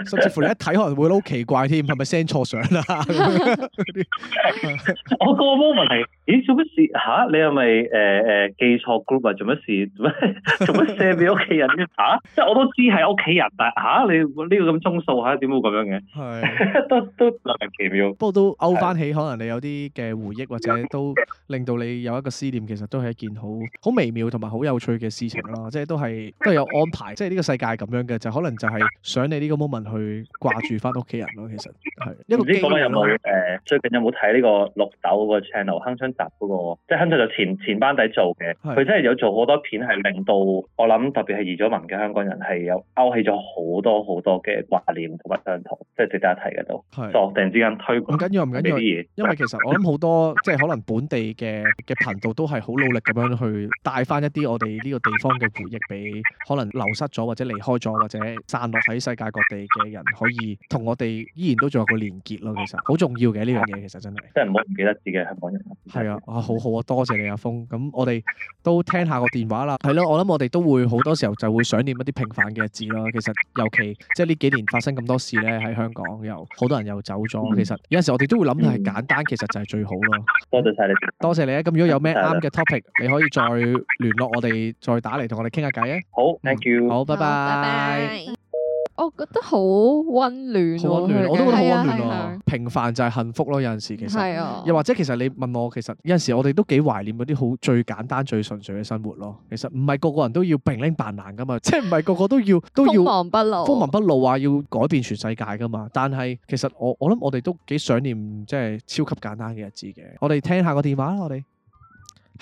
甚至、 嗯、乎你一睇可能會好奇怪添，係咪 send 錯相啦？ 我個 moment 係。咦？做乜事吓？你係咪誒？誒、呃、記錯 group 或做乜事，做乜射俾屋企人嘅、啊、嚇？即係我都知係屋企人，但係嚇你呢個咁鐘數嚇，點會咁樣嘅？係是 都都神奇妙。不過都勾翻起，可能你有啲嘅回憶，或者都令到你有一個思念，其實都係一件好好微妙同埋好有趣嘅事情咯。即係都係都有安排， 即係呢個世界咁樣嘅，就可能就係想你呢個 moment 去掛住翻屋企人咯。其實係唔知講緊有冇誒、呃？最近有冇睇呢個綠豆嗰個 channel？亨春達嗰個，即係亨春達就前前，前班底。做嘅、嗯，佢、哎、真係有做好多片，係令到我諗，特別係移咗民嘅香港人，係有勾起咗好多好多嘅掛念同埋傷痛，即係值得一提嘅都係、啊。突然之間推，唔緊要唔緊要，因為其實我諗好多即係、就是、可能本地嘅嘅頻道都係好努力咁樣去帶翻一啲我哋呢個地方嘅回憶俾，可能流失咗或者離開咗或者散落喺世界各地嘅人，可以同我哋依然都仲有個連結咯。其實好重要嘅呢樣嘢，其實真係真係唔好唔記得自己係香港人。係啊，啊好好啊，多謝你阿峰。咁我。我哋都聽下個電話啦，係咯，我諗我哋都會好多時候就會想念一啲平凡嘅日子咯。其實尤其即係呢幾年發生咁多事咧，喺香港又好多人又走咗。其實有陣時我哋都會諗係簡單，其實就係最好咯。多謝晒你，多謝你啊！咁如果有咩啱嘅 topic，你可以再聯絡我哋，再打嚟同我哋傾下偈啊。好，thank you。好，拜拜。我覺得好溫暖，我都覺得好溫暖啊。平凡就係幸福咯，啊，有陣時其實，啊、又或者其實你問我，其實有陣時我哋都幾懷念嗰啲好最簡單、最純粹嘅生活咯，啊。其實唔係個個人都要並拎扮難㗎嘛， 即係唔係個個都要都要鋒芒畢露、鋒芒畢露話，啊、要改變全世界㗎嘛。但係其實我我諗我哋都幾想念即係、就是、超級簡單嘅日子嘅。我哋聽下個電話啦，我哋。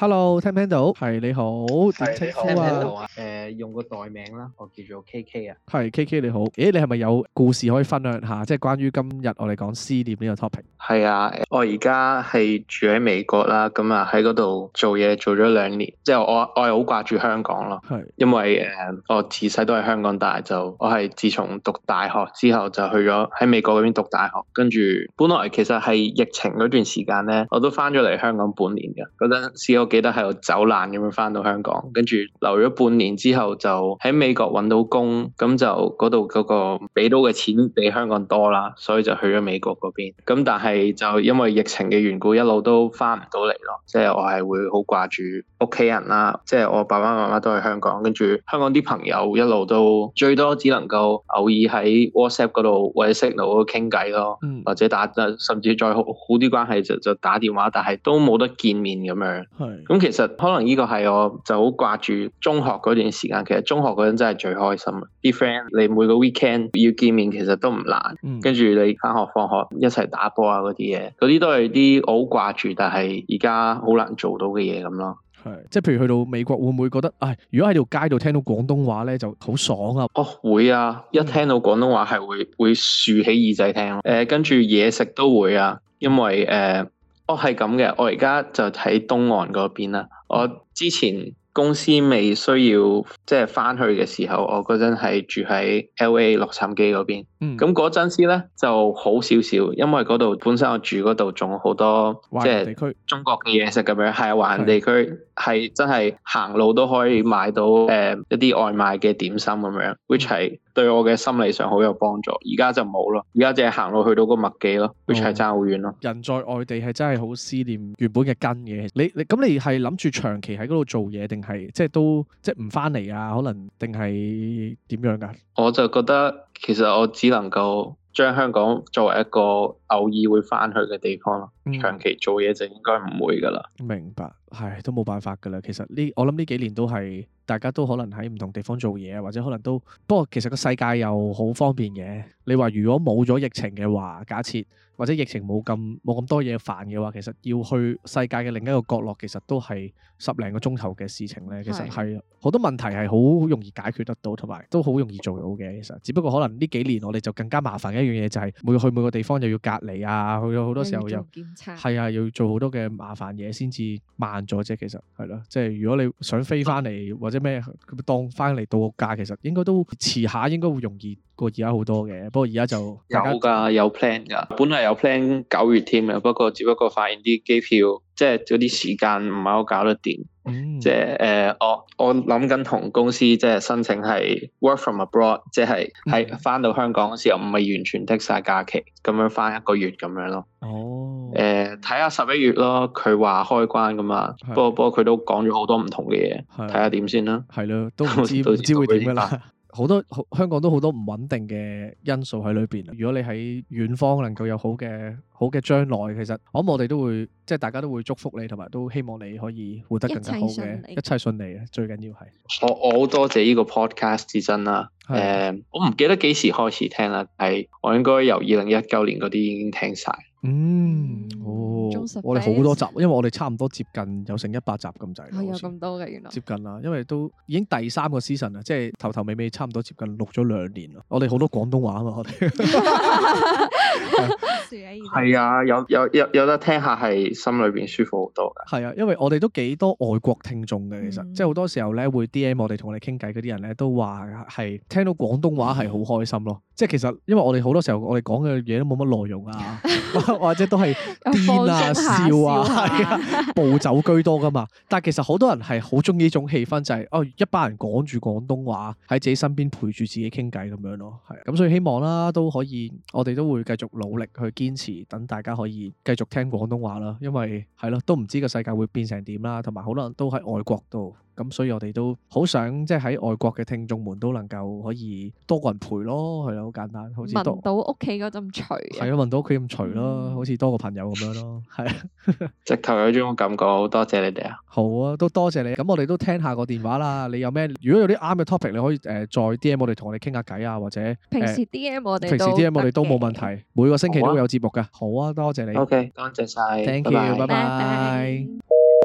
Hello，聽唔聽到？係你好，係，大家好啊聽唔聽到啊？誒、呃，用個代名啦，我叫做 K K 啊。係 K K 你好，誒你係咪有故事可以分享下？即係關於今日我哋講思念呢個 topic。係啊，我而家係住喺美國啦，咁啊喺嗰度做嘢做咗兩年，即係我我係好掛住香港咯。係，因為誒、嗯、我自細都喺香港大，就我係自從讀大學之後就去咗喺美國嗰邊讀大學，跟住本來其實係疫情嗰段時間咧，我都翻咗嚟香港半年嘅嗰陣試過。記得喺度走難咁樣翻到香港，跟住留咗半年之後，就喺美國揾到工，咁就嗰度嗰個俾到嘅錢比香港多啦，所以就去咗美國嗰邊。咁但係就因為疫情嘅緣故一，一路都翻唔到嚟咯。即係我係會好掛住屋企人啦，即係我爸爸媽媽都喺香港，跟住香港啲朋友一路都最多只能夠偶爾喺 WhatsApp 嗰度或者 Signal 傾偈咯，或者打，甚至再好啲關係就就打電話，但係都冇得見面咁樣。咁、嗯嗯、其實可能呢個係我就好掛住中學嗰段時間，其實中學嗰陣真係最開心，啲 friend 你每個 weekend 要見面其實都唔難，跟住、嗯、你翻學放學一齊打波啊嗰啲嘢，嗰啲都係啲我好掛住，但係而家好難做到嘅嘢咁咯。係，即係譬如去到美國會唔會覺得，唉，如果喺條街度聽到廣東話咧，就好爽啊？哦，會啊，一聽到廣東話係會會豎起耳仔聽咯。誒、呃，跟住嘢食都會啊，因為誒。呃呃哦，係咁嘅，我而家就喺東岸嗰邊啦。嗯、我之前公司未需要即係翻去嘅時候，我嗰陣係住喺 L A 洛杉磯嗰邊。咁嗰陣時咧就好少少，因為嗰度本身我住嗰度仲好多即係中國嘅嘢食咁樣，係華人地區，係、啊、真係行路都可以買到誒、呃、一啲外賣嘅點心咁樣、嗯、which 係對我嘅心理上好有幫助。而家就冇咯，而家淨係行路去到個麥記咯，which 係爭好遠咯。人在外地係真係好思念原本嘅根嘅。你你咁你係諗住長期喺嗰度做嘢，定係即係都即係唔翻嚟啊？可能定係點樣噶？我就覺得。其實我只能夠將香港作為一個偶爾會返去嘅地方咯，嗯、長期做嘢就應該唔會㗎喇。明白，係都冇辦法㗎喇。其實呢，我諗呢幾年都係大家都可能喺唔同地方做嘢，或者可能都不過其實個世界又好方便嘅。你話如果冇咗疫情嘅話，假設。或者疫情冇咁冇咁多嘢煩嘅話，其實要去世界嘅另一個角落，其實都係十零個鐘頭嘅事情咧。其實係好的多問題，係好容易解決得到，同埋都好容易做到嘅。其實只不過可能呢幾年我哋就更加麻煩一樣嘢，就是，就係每去每個地方又要隔離啊，去到好多時候又檢查，係啊，要做好多嘅麻煩嘢先至慢咗啫。其實，係咯，即係如果你想飛翻嚟或者咩當翻嚟度假，其實應該都遲下應該會容易。不過而家好多嘅，不過而家就有噶有 plan 噶，本嚟有 plan 九月添嘅，不過只不過發現啲機票即係嗰啲時間唔係好搞得掂、嗯呃，即係誒我我諗緊同公司即係申請係 work from abroad，即係喺翻到香港嘅時候唔係、嗯、完全剔晒假期咁樣翻一個月咁樣咯。哦，誒睇下十一月咯，佢話開關噶嘛。的不過不過佢都講咗好多唔同嘅嘢，睇下點先啦。係咯，都唔知道知道會點啦。好多香港都好多唔穩定嘅因素喺裏邊。如果你喺遠方能夠有好嘅好嘅將來，其實我諗我哋都會即，大家都會祝福你，同埋都希望你可以活得更加好嘅，一切順利，順利。最緊要係我我好多謝呢個 Podcast 之身啦，我唔、呃、的記得幾時開始聽啦，但係我應該由二零一九年嗰啲已經聽曬。嗯，哦，我哋好多集，因為我哋差唔多接近有成一百集咁滯，啊。有咁多嘅，原來。接近啦，因為都已經第三個 season 啦，即係頭頭尾尾差唔多接近錄咗兩年咯。我哋好多廣東話啊，我哋係啊，有有有有得聽下，係心裏邊舒服好多嘅。係啊，因為我哋都幾多外國聽眾嘅，其實、嗯、即係好多時候咧會 D M 我哋同我哋傾偈嗰啲人咧都話係聽到廣東話係好開心咯。即係、嗯、其實因為我哋好多時候我哋講嘅嘢都冇乜內容啊。 或者都係癲啊、笑啊，係啊，暴走居多噶嘛。 但係其實好多人係好中意呢種氣氛、就係，就係哦一班人講住廣東話喺自己身邊陪住自己傾偈咁樣咯。係咁、嗯，所以希望啦都可以，我哋都會繼續努力去堅持，等大家可以繼續聽廣東話啦。因為係咯，都唔知個世界會變成點啦，同埋好多人都喺外國度。咁所以我哋都好想即係喺外國嘅聽眾們都能夠可以多個人陪咯，係啊，好簡單，好似聞到屋企嗰陣除，係啊，聞到屋企咁除咯，好似多個朋友咁樣咯，係啊，直頭有種感覺，好多謝你哋啊，好啊，都多謝你，咁我哋都聽下個電話啦，你有咩？如果有啲啱嘅 topic，你可以誒再 D M 我哋，同我哋傾下偈啊，或者平時 D M 我哋，平時 D M 我哋都冇問題，每個星期都會有節目嘅，好啊，多謝你，OK，多謝晒，Thank you，拜拜。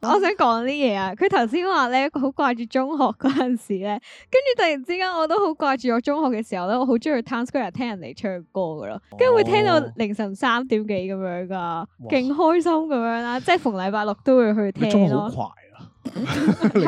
我想講啲嘢啊！佢頭先話咧，好掛住中學嗰陣時咧，跟住突然之間我都好掛住我中學嘅時候咧，我好中意去 Town Square 聽人哋唱歌噶咯，跟住會聽到凌晨三點幾咁樣噶，勁開心咁樣啦，即係逢禮拜六都會去聽咯。中學好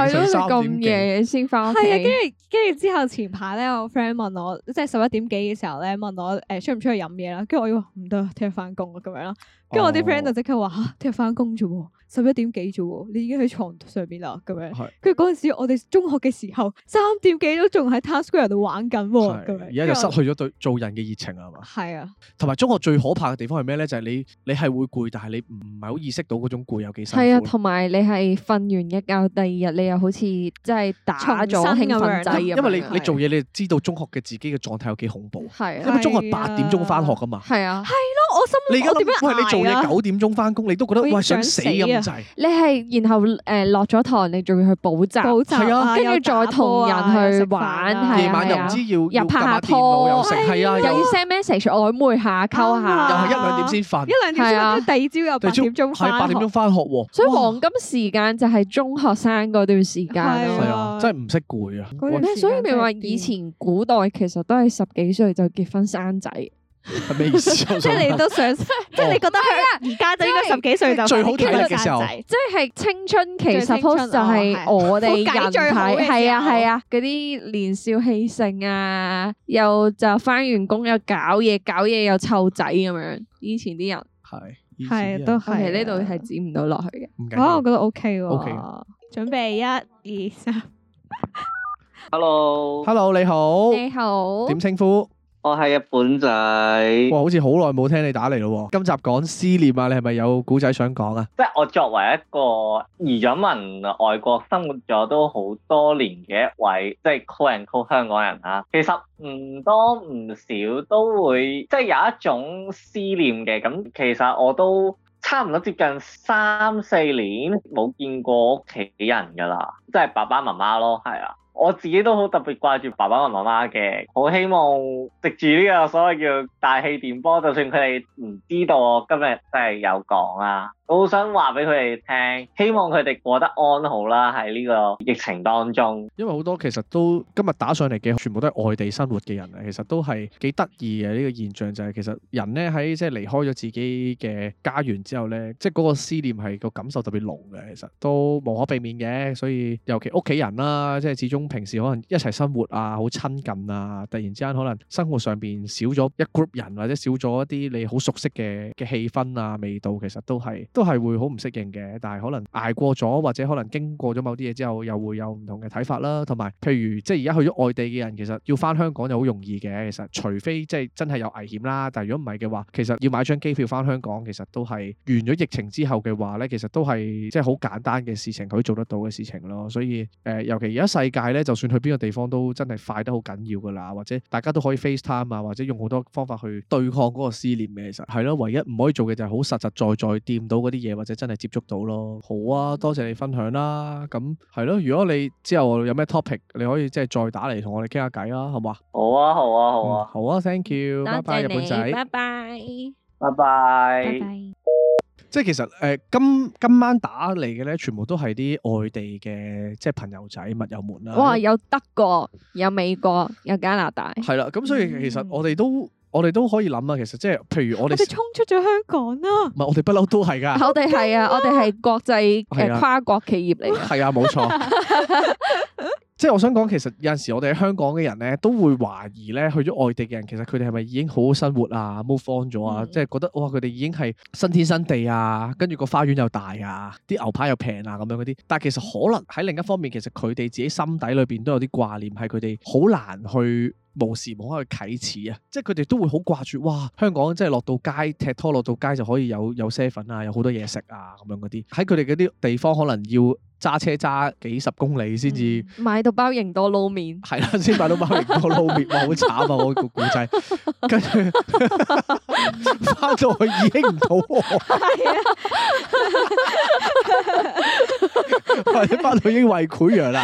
咯，咁夜先翻屋企。係啊，跟住跟住之後前排咧，我 friend 問我即係十一點幾嘅時候咧，問我誒出唔出去飲嘢啦，跟住我話唔得，聽日翻工咁樣啦。跟住我啲 friend 就即刻話吓聽日翻工啫，十一點幾啫，你已經喺床上面啦咁樣。跟住嗰陣時，我哋中學嘅時候，三點幾都仲喺 Task Square 度玩緊喎咁樣。而家就失去咗對做人嘅熱情啊嘛。係啊，同埋中學最可怕嘅地方係咩咧？就係你你係會攰，但係你唔唔係好意識到嗰種攰有幾辛苦。係啊，同埋你係瞓完一覺，第二日你又好似即係打咗興奮劑咁。因為你你做嘢，你知道中學嘅自己嘅狀態有幾恐怖。係，因為中學八點鐘翻學噶嘛。係啊，係咯。我心你而家點樣挨啊？你做嘢九點鐘翻工，你都覺得哇想死咁滯。你係然後誒落咗堂，你仲要去補習，係啊，跟住再同人去玩，夜晚又唔知要拍下拖，又要 send message 曖昧下，溝下，又係一兩點先瞓，一兩點先，第二朝又八點鐘翻學，八點鐘翻學。所以黃金時間就係中學生嗰段時間咯，真係唔識攰啊！所以咪話以前古代其實都係十幾歲就結婚生仔。係咩意思？即係你都想，即係你覺得佢而家就應該十幾歲，最好睇嘅時候，即係青春期 suppose 就係我哋最體係啊，係啊，嗰啲年少氣盛啊，又就翻完工又搞嘢，搞嘢又湊仔咁樣。以前啲人係係都係，呢度係剪唔到落去嘅。啊，我覺得 OK，準備一二三，Hello，Hello，你好，你好，點稱呼？我係日本仔，哇！好似好耐冇聽你打嚟咯，今集講思念啊，你係咪有古仔想講啊？即係我作為一個移咗民、外國生活咗都好多年嘅一位，即係 Cool and Cool 香港人啊，其實唔多唔少都會即係有一種思念嘅。咁其實我都差唔多接近三四年冇見過屋企人㗎喇，即係爸爸媽媽咯，係啊。我自己都好特別掛住爸爸同媽媽嘅，好希望藉住呢個所謂叫大氣電波，就算佢哋唔知道我今日真係有講啦，我好想話俾佢哋聽，希望佢哋過得安好啦。喺呢個疫情當中，因為好多其實都今日打上嚟嘅全部都係外地生活嘅人啊，其實都係幾得意嘅呢個現象，就係，就係其實人呢喺即係離開咗自己嘅家園之後呢，即係嗰個思念係個感受特別濃嘅，其實都無可避免嘅。所以尤其屋企人啦，即係始終。平時可能一齊生活啊，好親近啊，突然之間可能生活上邊少咗一 group 人或者少咗一啲你好熟悉嘅嘅氣氛啊、味道，其實都係都係會好唔適應嘅。但係可能捱過咗，或者可能經過咗某啲嘢之後，又會有唔同嘅睇法啦。同埋譬如即係而家去咗外地嘅人，其實要翻香港就好容易嘅。其實除非即係真係有危險啦，但係如果唔係嘅話，其實要買張機票翻香港，其實都係完咗疫情之後嘅話呢，其實都係即係好簡單嘅事情，佢做得到嘅事情咯。所以誒、呃，尤其而家世界呢就算去邊個地方都真係快得好緊要噶啦，或者大家都可以 FaceTime 啊，或者用好多方法去對抗嗰個思念嘅。其實係咯，唯一唔可以做嘅就係好實實在在掂到嗰啲嘢，或者真係接觸到咯。好啊，多謝你分享啦。咁係咯，如果你之後有咩 topic，你可以即係再打嚟同我哋傾下偈啦，好唔好啊？好啊，好啊，嗯，好啊，好啊，Thank you，多謝你，拜拜，日本仔，拜拜，拜拜。即係其實誒今今晚打嚟嘅咧，全部都係啲外地嘅即係朋友仔、密友們啦。哇！有德國，有美國，有加拿大。係啦，咁所以其實我哋都。嗯我哋都可以諗啊，其實即係，譬如我哋，我哋衝出咗香港 啊！唔係，我哋不嬲都係噶。我哋係啊，我哋係國際嘅跨國企業嚟嘅。係啊，冇錯。 即係我想講，其實有陣時我哋喺香港嘅人咧，都會懷疑咧，去咗外地嘅人其實佢哋係咪已經好好生活啊，move on 咗啊？即係、嗯、覺得哇，佢哋已經係新天新地啊，跟住個花園又大啊，啲牛扒又平啊，咁樣嗰啲。但係其實可能喺另一方面，其實佢哋自己心底裏邊都有啲掛念，係佢哋好難去，無時無刻去啟齒啊，即係佢哋都會好掛住哇！香港即係落到街踢拖，落到街就可以有有些粉啊，有好多嘢食啊咁樣嗰啲。喺佢哋嗰啲地方，可能要揸車揸幾十公里先至、嗯、買到包營多撈麵。係啦，先買到包營多撈麵， 哇！好慘啊，我個古仔，跟住包到去已經唔到。 或者翻到已經胃潰瘍啦，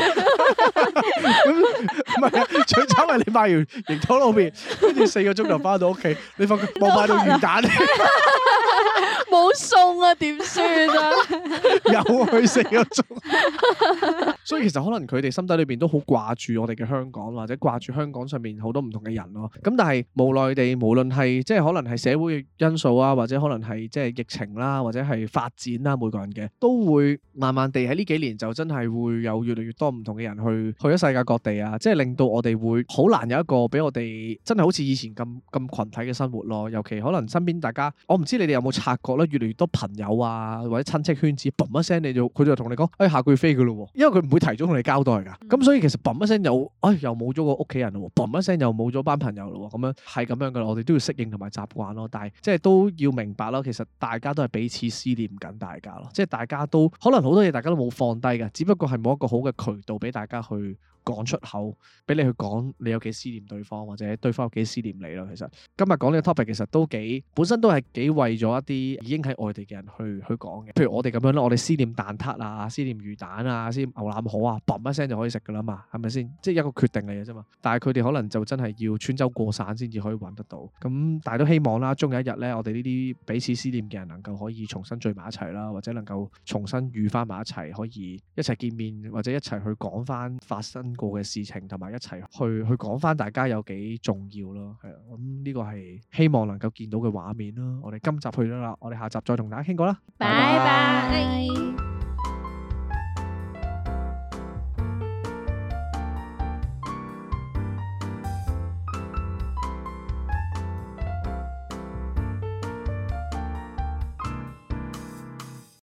唔係最走係你買完鹽糖路邊，跟住四個鐘就翻到屋企，你發覺冇買到魚蛋，冇、啊、 餸啊點算啊？又 去四個鐘。 所以其實可能佢哋心底裏邊都好掛住我哋嘅香港，或者掛住香港上面好多唔同嘅人咯。咁但係無奈地，無論係即係可能係社會嘅因素啊，或者可能係即係疫情啦，或者係發展啦，每個人嘅都會慢慢地喺呢幾年。然就真係會有越嚟越多唔同嘅人去去咗世界各地啊！即係令到我哋會好難有一個俾我哋真係好似以前咁咁群體嘅生活咯。尤其可能身邊大家，我唔知你哋有冇察覺咧？越嚟越多朋友啊，或者親戚圈子，嘣一聲你就佢就同你講，哎，下個月飛噶咯，因為佢唔會提早同你交代噶。咁所以其實嘣一聲又哎又冇咗個屋企人咯，嘣一聲又冇咗班朋友咯，咁樣係咁樣噶啦。我哋都要適應同埋習慣咯，但係即係都要明白咯。其實大家都係彼此思念緊大家咯，即係大家都可能好多嘢，大家都冇放低嘅，只不過，係冇一個好嘅渠道俾大家去。講出口俾你去講，你有幾思念對方，或者對方有幾思念你啦。其實今日講呢個 topic 其實都幾本身都係幾為咗一啲已經喺外地嘅人去去講嘅。譬如我哋咁樣啦，我哋思念蛋撻啊，思念魚蛋啊，思念牛腩河啊，嘣一聲就可以食噶啦嘛，係咪先？即係一個決定嚟嘅啫嘛。但係佢哋可能就真係要穿州過省先至可以揾得到。咁但係都希望啦，終有一日呢，我哋呢啲彼此思念嘅人能夠可以重新聚埋一齊啦，或者能夠重新遇翻埋一齊，可以一齊見面，或者一齊去講翻發生過嘅事情同埋一齊去去講翻，大家有幾重要咯，係啦，咁呢個係希望能夠見到嘅畫面啦。我哋今集去咗啦，我哋下集再同大家傾過啦。拜拜 bye。Bye bye